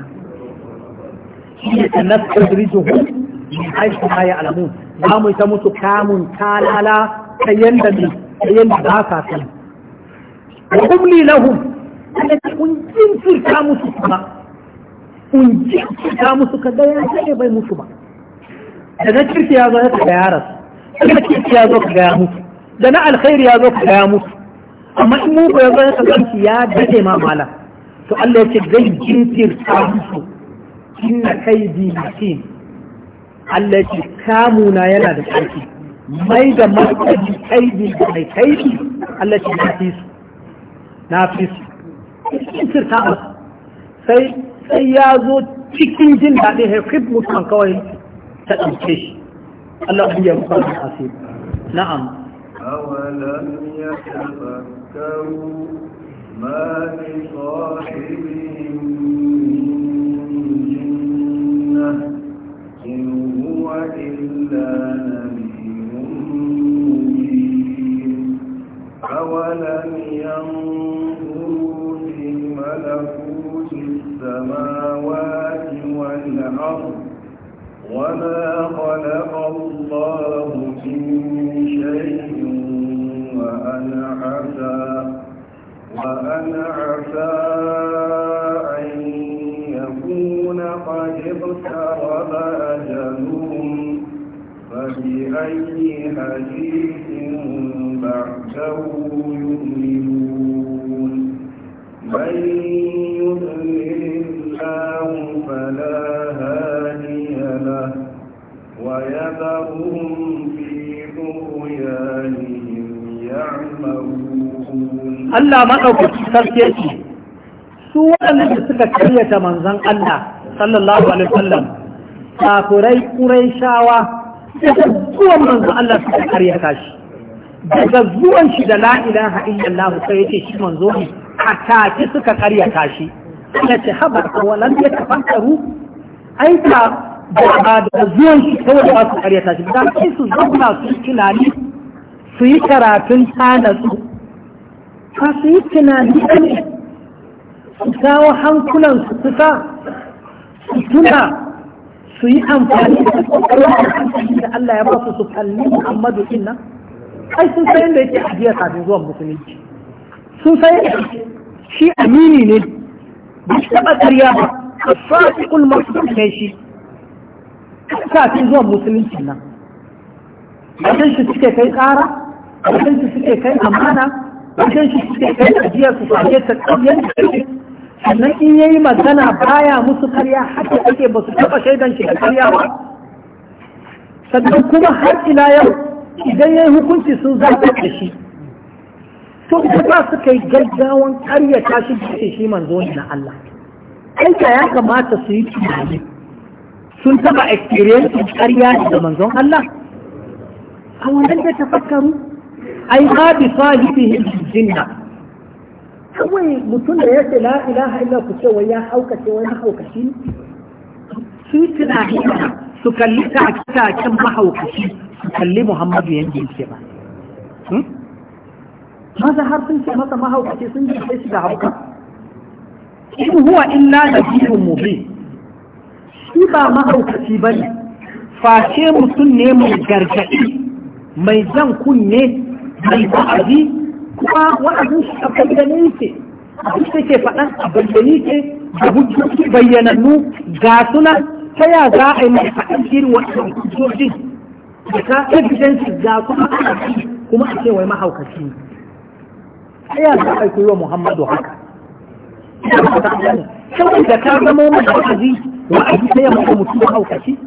هي الناس تدرجه من حيث ما يعلمون قاموا يتموتوا كام كان على سيندمي سيندعاكا كان وأملي لهم التي أنجم في الكامو سكما أنجم في الكامو سكما دي أنجم في الكامو سكما تنجر في هذا يتغيارس تنجر في هذا يتغيارس دناء الخير يا ذوك يا موسى أما إمو بيضاء يا ذوك يا جدي ما مالا فقال لي يتجي جنتي رسامسو inna kaidi matin Allah ce kamuna yana da ƙarfi mai da matsayi kaidi da mai kaidi Allah ce na fi su na fi su in sirta masu sai sai ya zo cikin jin daɗin haifib mutum kawai ta ɗauke shi Allah ya rufa da asiri na'am أولم يتفكروا ما لصاحبهم من إن هو إلا نبي مبين أولم ينظروا في ملكوت السماوات والأرض وما خلق الله من شيء وأن عسى وأن عسى أن المجرمون قد اقترب أجلهم فبأي حديث بعده يؤمنون من يضلل الله فلا هادي له ويذرهم في طغيانهم يعمهون الله ما أوكي su waɗanda suka karyata manzan Allah sallallahu alaihi wasallam kurai shawa daga zuwan manzan Allah suka karyata shi daga zuwan shi da la ilaha Allah sai ce shi manzo ne a take suka karyata shi ya ce haba walan ya tafakkaru ai ta da zuwan shi kawai da su karyata shi da su zauna su tunani su yi karatun tana su ka su yi tunani ne kawo hankulan su kusa su tuna su yi amfani da tsoron da Allah ya basu su kalli Muhammadu inna ai sun san da yake ajiya kafin zuwa musulunci sun san shi amini ne ba shi taba ƙarya ba fasiqul masduq ne shi kafin zuwa musulunci nan ba shi suke kai a ba shi suke kai amana wajen shi suke kai ajiyar su fage ta ƙaryar sannan in yi magana baya musu karya haka ake ba su taɓa shaidan shi da karya ba sannan kuma har ila yau idan ya yi hukunci sun zaɓa da shi to ita ba su kai gaggawan karya tashi da shi manzo ne na Allah aika ya kamata su yi tunani sun taɓa experience karya da manzon Allah a wannan da tafakkaru ai ma bi sahibihi jinna kawai mutum da yake la ilaha illa ku ce wai ya haukace wai mahaukaci su tunani su kalli taken mahaukaci su kalli muhammadu yadda yake ba maza har sun ce masa mahaukaci sun ji sai su da hauka in huwa illa nabiyun mubin shi ba mahaukaci ba ne face mutum ne mai gargaɗi mai jan kunne mai ba'adi kuma wa'azin shi a bayyane yake abin da ke faɗan a bayyane yake da hujjoji bayyanannu ga suna ta ya za a yi mai faɗan irin waɗannan hujjojin da ta evidence ga kuma ana kuma a ce wai mahaukaci ta ya za a yi wa Muhammadu haka kawai da ta zama wani wa'azi wa'azi ta yamma mutum mahaukaci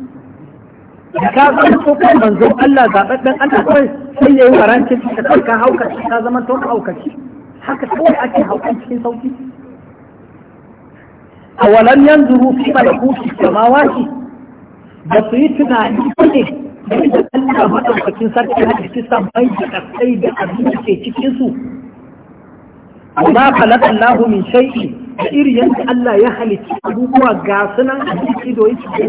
da ka zama tsokan manzon Allah zaɓaɓɓen Allah kawai sai ya yi warancin ka kawai ka haukaci ka zama tsohon haukaci haka kawai ake haukan cikin sauki a walan yan zuru fi malakuti samawati ba su yi tunani ne da Allah maɗaukakin sarki na jiki sammai da ƙasai da abin da ke cikinsu amma khalaqa Allah min shay'in da irin Allah ya halitta abubuwa ga sunan a cikin ido yake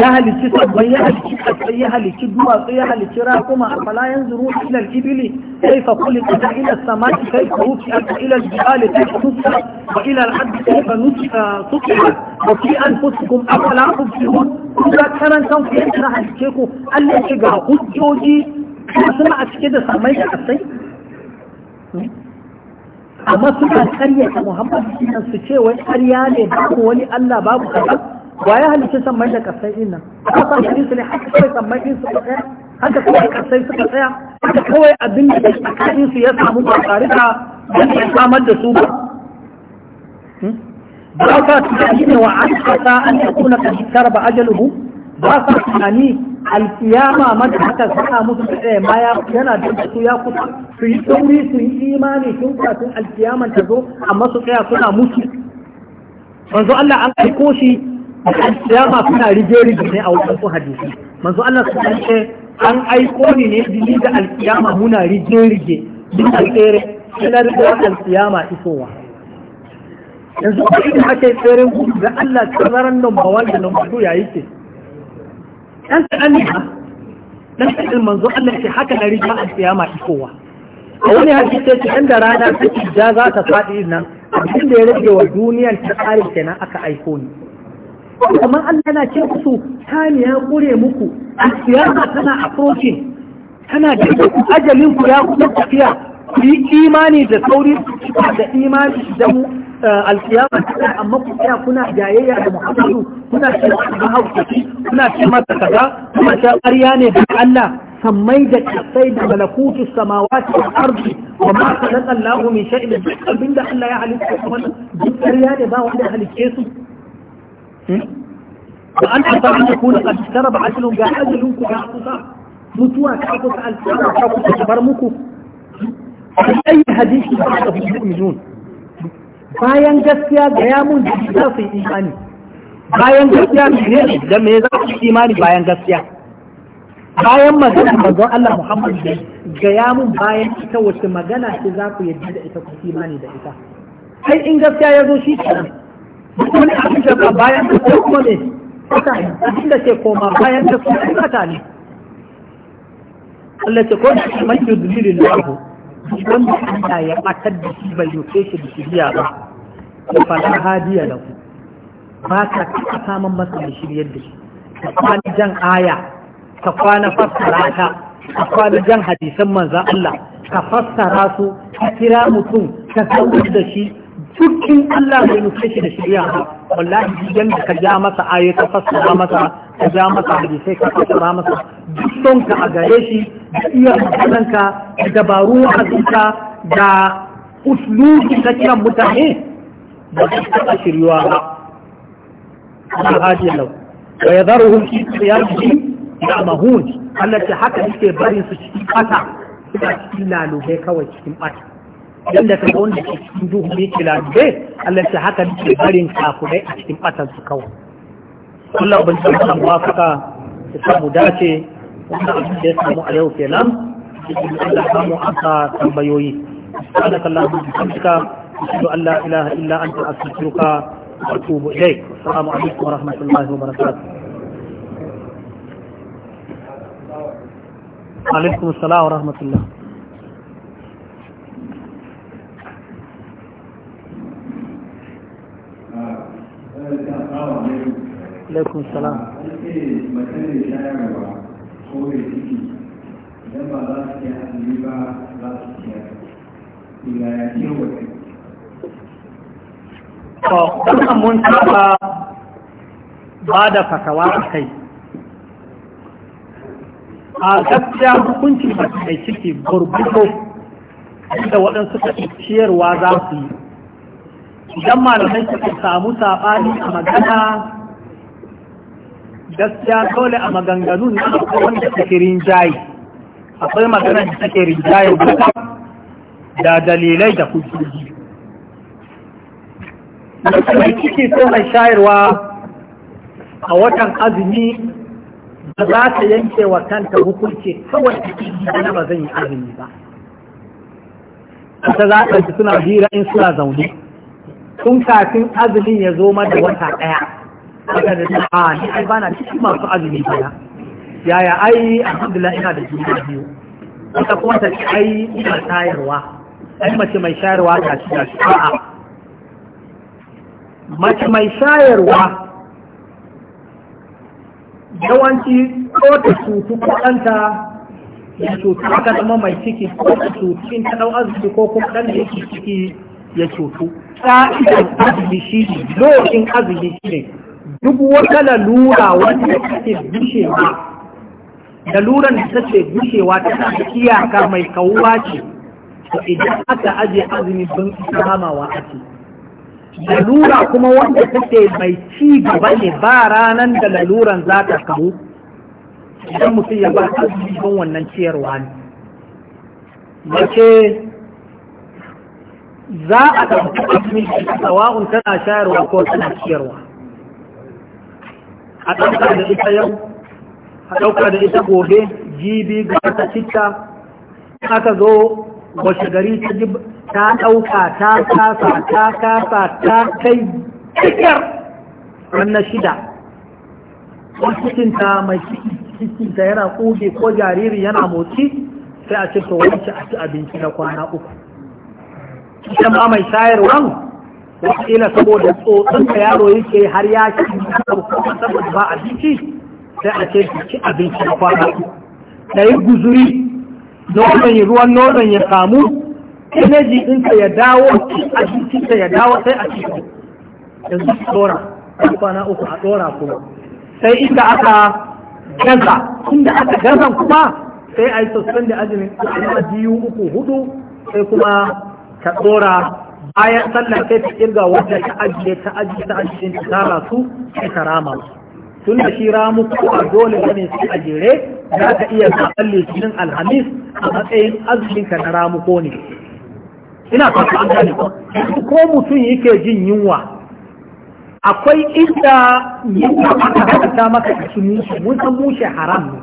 ya halici sabbai ya halici kasai ya halici duwatsu ya halici rakuma a fala falayan zuru ilal ibili kai fa kuli ta ila samaki kai fa wuki aka ila jibali kai fa tuka wa ila al'adu kai fa nuka tuka wa fi an fusukum afala tubsirun kuma karantan ku yadda na halice ku Allah ya ga hujjoji suna a cike da samai da kasai amma suna karyata Muhammad su ce wai karya ne babu wani Allah babu kaza wa ya halitta sammai da kasai din nan aka san hadin su ne haka kawai sammai din su tsaya haka kawai kasai suka tsaya haka kawai abin da tsakanin su ya samu ba tare da ya samar da su ba hmm? ba sa tunani ne wa an kasa an ya kuna kashitar ba ajaluhu ba sa tunani alkiyama mata haka suna musu tsaye ma yana da su ya kusa su yi sauri su yi imani sun kafin alkiyaman ta zo amma su tsaya suna musu manzo Allah an aiko koshi. alƙiyama suna rigeri da ne a wajen su hadisi manzo Allah su ce an aiko ni ne jini da alƙiyama muna rige-rige duk alƙere suna riga alƙiyama isowa yanzu ko idan aka yi tseren gudu da Allah tsararan nan ba wanda nan ba ya yi ce dan ta an ha dan ta manzo Allah ce haka na riga alƙiyama isowa a wani hadisi ce da rana ta ja za ta faɗi nan abin da ya rage wa duniyar ta tsarin kenan aka aiko ni kamar Allah yana ce musu ya kure muku a siyasa tana approaching tana da ajalin ku ya kuma tafiya ku yi imani da sauri da imani da eh, alkiyama amma ku tsaya kuna jayayya da Muhammadu kuna ce ba haukaci kuna ce masa kaza kuma ta ƙarya ne da Allah sammai da kasai da malakutu samawati da arzi wa ma khalaqa Allahu min shay'in duk abinda Allah ya halitta kuma duk ƙarya ne ba wanda halice su ba an أن يكون قد اشترب عجلهم جاهز ba جاهزة ga ajalun ku ga kusa mutuwa ta kusa alƙara ta kusa bar muku bayan gaskiya ga ya mun da za su yi imani bayan gaskiya ne da me za su yi imani bayan gaskiya bayan magana manzon Allah Muhammad da gaya mun bayan ita wace magana ce za ku yadda da ita ku imani da ita sai in gaskiya ya zo shi kenan wani abin da ba bayan da ko kuma ne kasa ne abin da ke koma bayan da kuma kasa ne Allah ce ko da shi man yudlilil lahu wanda Allah ya batar da shi bai yoke shi da shiriya ba ko fara hadiya da ku ba ka kasa samun masa da shiryar da shi ka kwana jan aya ka kwana fassara ta ka kwana jan hadisan manzan Allah ka fassara su ka kira mutum ka saukar da shi cikin Allah bai nufe shi da shirya ba wallahi jiyan da ka ja masa aye ka fassara masa ka ja masa hadisai ka fassara masa duk son ka a gare shi da iya magananka da dabaru wa'azinka da uslubi ka kiran mutane ba su taɓa shiryuwa ba Allah hadi lau wa yadharuhum fi qiyamihim ya'mahun Allah ta haka yake barin su cikin bata suna cikin lalube kawai cikin bata yadda ka wanda ke cikin duhu ne ke lalube Allah ta haka nake barin kafurai a cikin fatan su kawai Allah ban san san wafaka ta samu dace wanda abin da ya samu a yau kenan cikin Allah samu aka tambayoyi subhanaka allahumma bihamdika ashhadu an la ilaha illa anta astaghfiruka wa assalamu alaikum wa rahmatullahi wa barakatuh alaikum assalam wa rahmatullah alaikun salam ba za su ba za su ba da fatawa a kai a gaskiya hukunci ba mai ciki gurgudu da waɗansu ta ciyarwa za su yi idan malamai suka samu saɓani a magana gaskiya dole a maganganun na akwai wanda suke rinjaye akwai magana da suke rinjaye duka da dalilai da kusurji mai kike so mai shayarwa a watan azumi ba za ta yanke wa kanta hukunci kawai na ba zan yi azumi ba ta za ta suna hira in suna zaune tun kafin azumin ya zo mada wata ɗaya wata da ta ah, ni ai na cikin masu azumi bana yaya ai alhamdulillah ina da juna biyu wata kuma ta ce ai ina tayarwa ai mace mai shayarwa ta ci da a'a mace mai shayarwa yawanci ko ta cutu ko ɗanta ya cutu aka zama mai ciki ko ta cutu in ta ɗau azumi ko kuma ɗan da yake ciki ya cutu ka'idan azumi shi ne lokacin azumi shi ne duk wata lalura wanda take gushewa laluran da take gushewa ta da iyaka mai kawuwa ce to idan aka aje azumi don a ake lalura kuma wanda take mai ci gaba ne ba ranar da laluran za ta kawo idan mutum ya ba azumi don wannan ciyarwa ne mace za a ɗauki asibiti tsawa'un tana shayarwa ko tana ciyarwa a ɗauka da ita yau a ɗauka da ita gobe jibi ga ta citta aka zo washe gari ta ji ta ɗauka ta kasa ta kasa ta kai tsakiyar Wannan shida wani cikinta mai cikinta yana ƙuge ko jariri yana motsi sai a ce wani ci abinci na kwana uku ita ma mai shayarwan wakila saboda tsotsin da yaro yake har ya ci saboda ba abinci sai a ce ci abinci da kwana da yi guzuri nonon ruwan nonon ya samu energy ɗinka ya dawo abincinka ya dawo sai a ciki yanzu tsora kwana uku a tsora kuma sai inda aka gaza inda aka gaza kuma sai a yi da azumin biyu uku hudu sai kuma ta tsora bayan sallar sai ta kirga wanda ta ajiye ta ajiye ta ajiye ta tara su sai ta rama tun da shi ramu ko a dole ne su a jere za ka iya zaɓen litinin alhamis a matsayin azumin ka na ramu ko ne ina fata an gane ko ko mutum yake jin yunwa akwai inda yunwa aka haɗa maka su mushe mun san mushe haram ne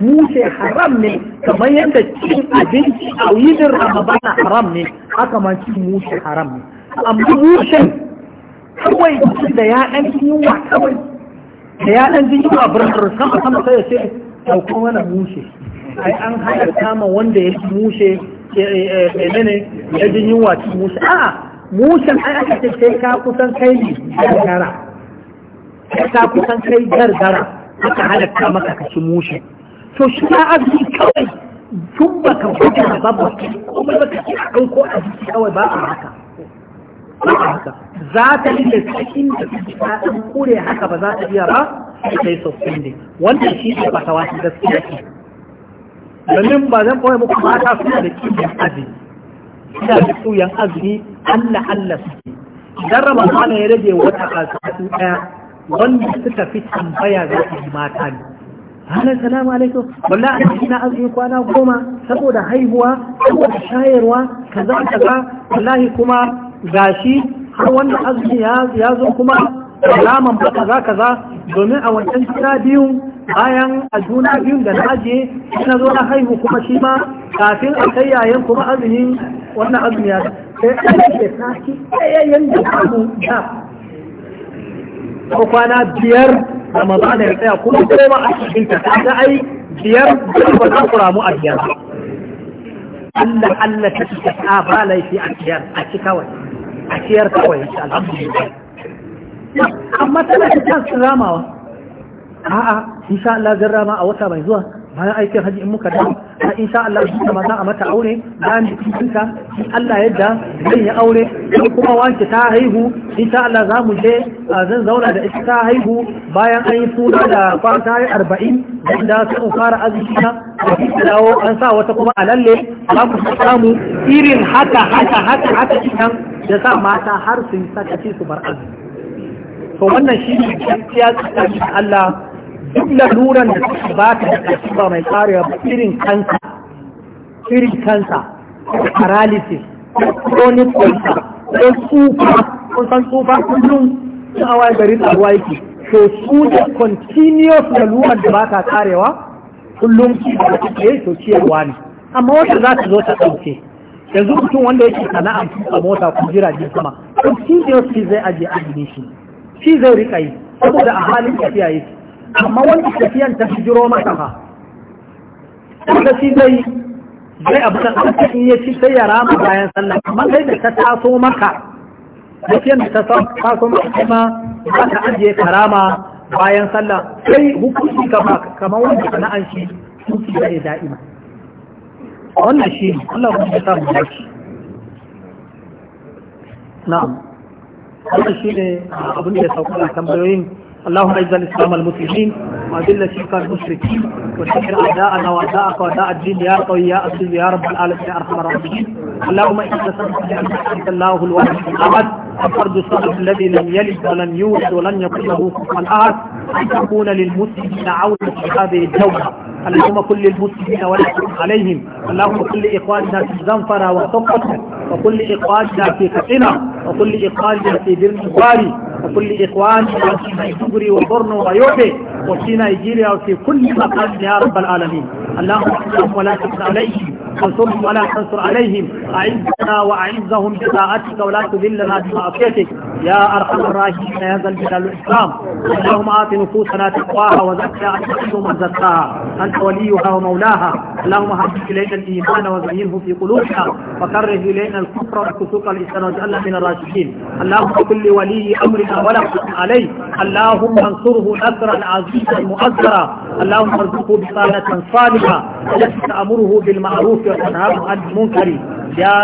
mushe haram ne kamar yadda cin abinci a yinin ramadana haram ne haka ma cin mushe haram ne amma mushen kawai da ya ɗan yunwa kawai da ya ɗan jin yunwa birnin sama sama sai ya ce ɗauko wani mushe ai an haɗa kama wanda ya mushe eh, eh, eh, ne ya jin yunwa cin mushe a'a mushen ai aka ce sai ka kusan kai ne gargara sai ka kusan kai gargara aka halatta maka kashi mushe to shi na azumi kawai tun ba ka kuka ba ba komai ba ka kira ɗauko a jiki kawai ba a haka ba a haka za ta yi da cikin da ta ɗan kure haka ba za ta iya ba sai ta yi suspending wannan shi ne ba ta wasu gaskiya ce domin ba zan koya muku mata suna da kiyan azumi suna da kiyan azumi allah allah su idan ramadana ya rage wata kasu ɗaya wanda suka fi tambaya za su yi mata ne hana salamu alaikum wallahi a cikin kwana goma saboda haihuwa saboda shayarwa kaza kaza wallahi kuma gashi har wanda azumi ya zo kuma alaman ba kaza kaza domin a wancan kira biyu bayan a juna biyun da na ajiye na zo na haihu kuma shi ma kafin a kai yayan kuma azumin wannan azumi ya sai ke ɗayayen da babu da ko kwana biyar da maza da ya tsaya kuma koma a cikin ta ta ai biyar da ba za ku ramu a biyar Allah Allah ta cika ta ba laifi a biyar a ci kawai a ciyar kawai alhamdulillah amma tana ta ramawa a'a insha Allah zan rama a wata mai zuwa bayan aikin haji in muka dawo a insha Allah shi ta maza a mata aure da ni kinta Allah yadda zan yi aure ko kuma wanke ta haihu insha Allah za mu je zan zauna da ita ta haihu bayan an yi suna da kwanta ya arba'in da sun fara azumi na da dawo an sa wata kuma a lalle za ku samu irin haka haka haka haka idan da sa mata har su yi sakaci su bar azumi to wannan shi ne gaskiya tsakanin Allah duk laluran da suka ba ka da ba mai karewa ba irin kansa irin kansa paralysis chronic kansa. ko tsufa kun san tsufa kullum sun awa garin ruwa yake to su da continuous laluran da ba ka karewa kullum ki da kake to ciyarwa ne amma wata za ta zo ta ɗauke yanzu mutum wanda yake sana'ar a mota ko jiragen sama to shi zai aje ajiye shi shi zai rika yi saboda a halin tafiya yake amma wani tafiyan ta jiro masa ha wanda shi zai zai abu da ƙarfi in ya ci sai ya rama bayan sallah amma sai da ta taso maka tafiyan da ta taso maka kuma za ka ajiye karama bayan sallah sai hukunci kamar wanda sana'an shi hukunci da ya da'ima wannan shi Allah ya sa mu dace na'am wannan shi ne ah, abin da ya sauka tambayoyin اللهم اعز الاسلام المسلمين وأذل الشرك المشركين وسحر أعداءنا وأعداءك وأعداء الدين يا قوي يا أصيل يا رب العالمين يا أرحم الراحمين اللهم انك نسألك بأنك أنت الله الواحد الأحد الفرد الصالح الذي لم يلد ولم يولد ولم يكن له كفوا أحد أن تكون للمسلمين عودة في هذه الدولة اللهم كل المسلمين ولا عليهم اللهم كل إخواننا في زنفرة وصفة وكل إخواننا في قطنة وكل إخواننا في مباري وكل إخواننا في ميدوغري وبورنو ويوبي وفي نيجيريا وفي كل مكان يا رب العالمين اللهم احفظهم ولا تنصر عليهم وانصرهم ولا تنصر عليهم أعزنا وأعزهم بطاعتك ولا تذلنا بمعصيتك يا أرحم الراحمين يا ذا الجلال والإكرام اللهم آت نفوسنا تقواها وزكها أنت خير من زكاها أنت وليها ومولاها اللهم هب إلينا الإيمان وزينه في قلوبنا وكره إلينا الكفر والفسوق والإسلام واجعلنا من الراشدين اللهم كل ولي أمرنا ولا عليه اللهم انصره نصرا عزيزا مؤثرا اللهم ارزقه بطانة صالحة التي تأمره بالمعروف وتنهاه عن المنكر يا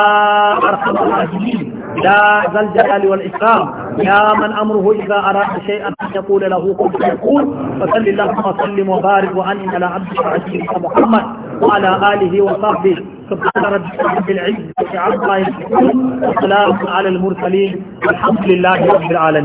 أرحم الراحمين يا ذا الجلال والإكرام يا من أمره إذا أراد شيئا أن يقول له قل يقول فصل اللهم وسلم وبارك وانعم على عبدك ورسولك محمد وعلى اله وصحبه سبحان ربك رب العزه عما يصفون وسلام على المرسلين والحمد لله رب العالمين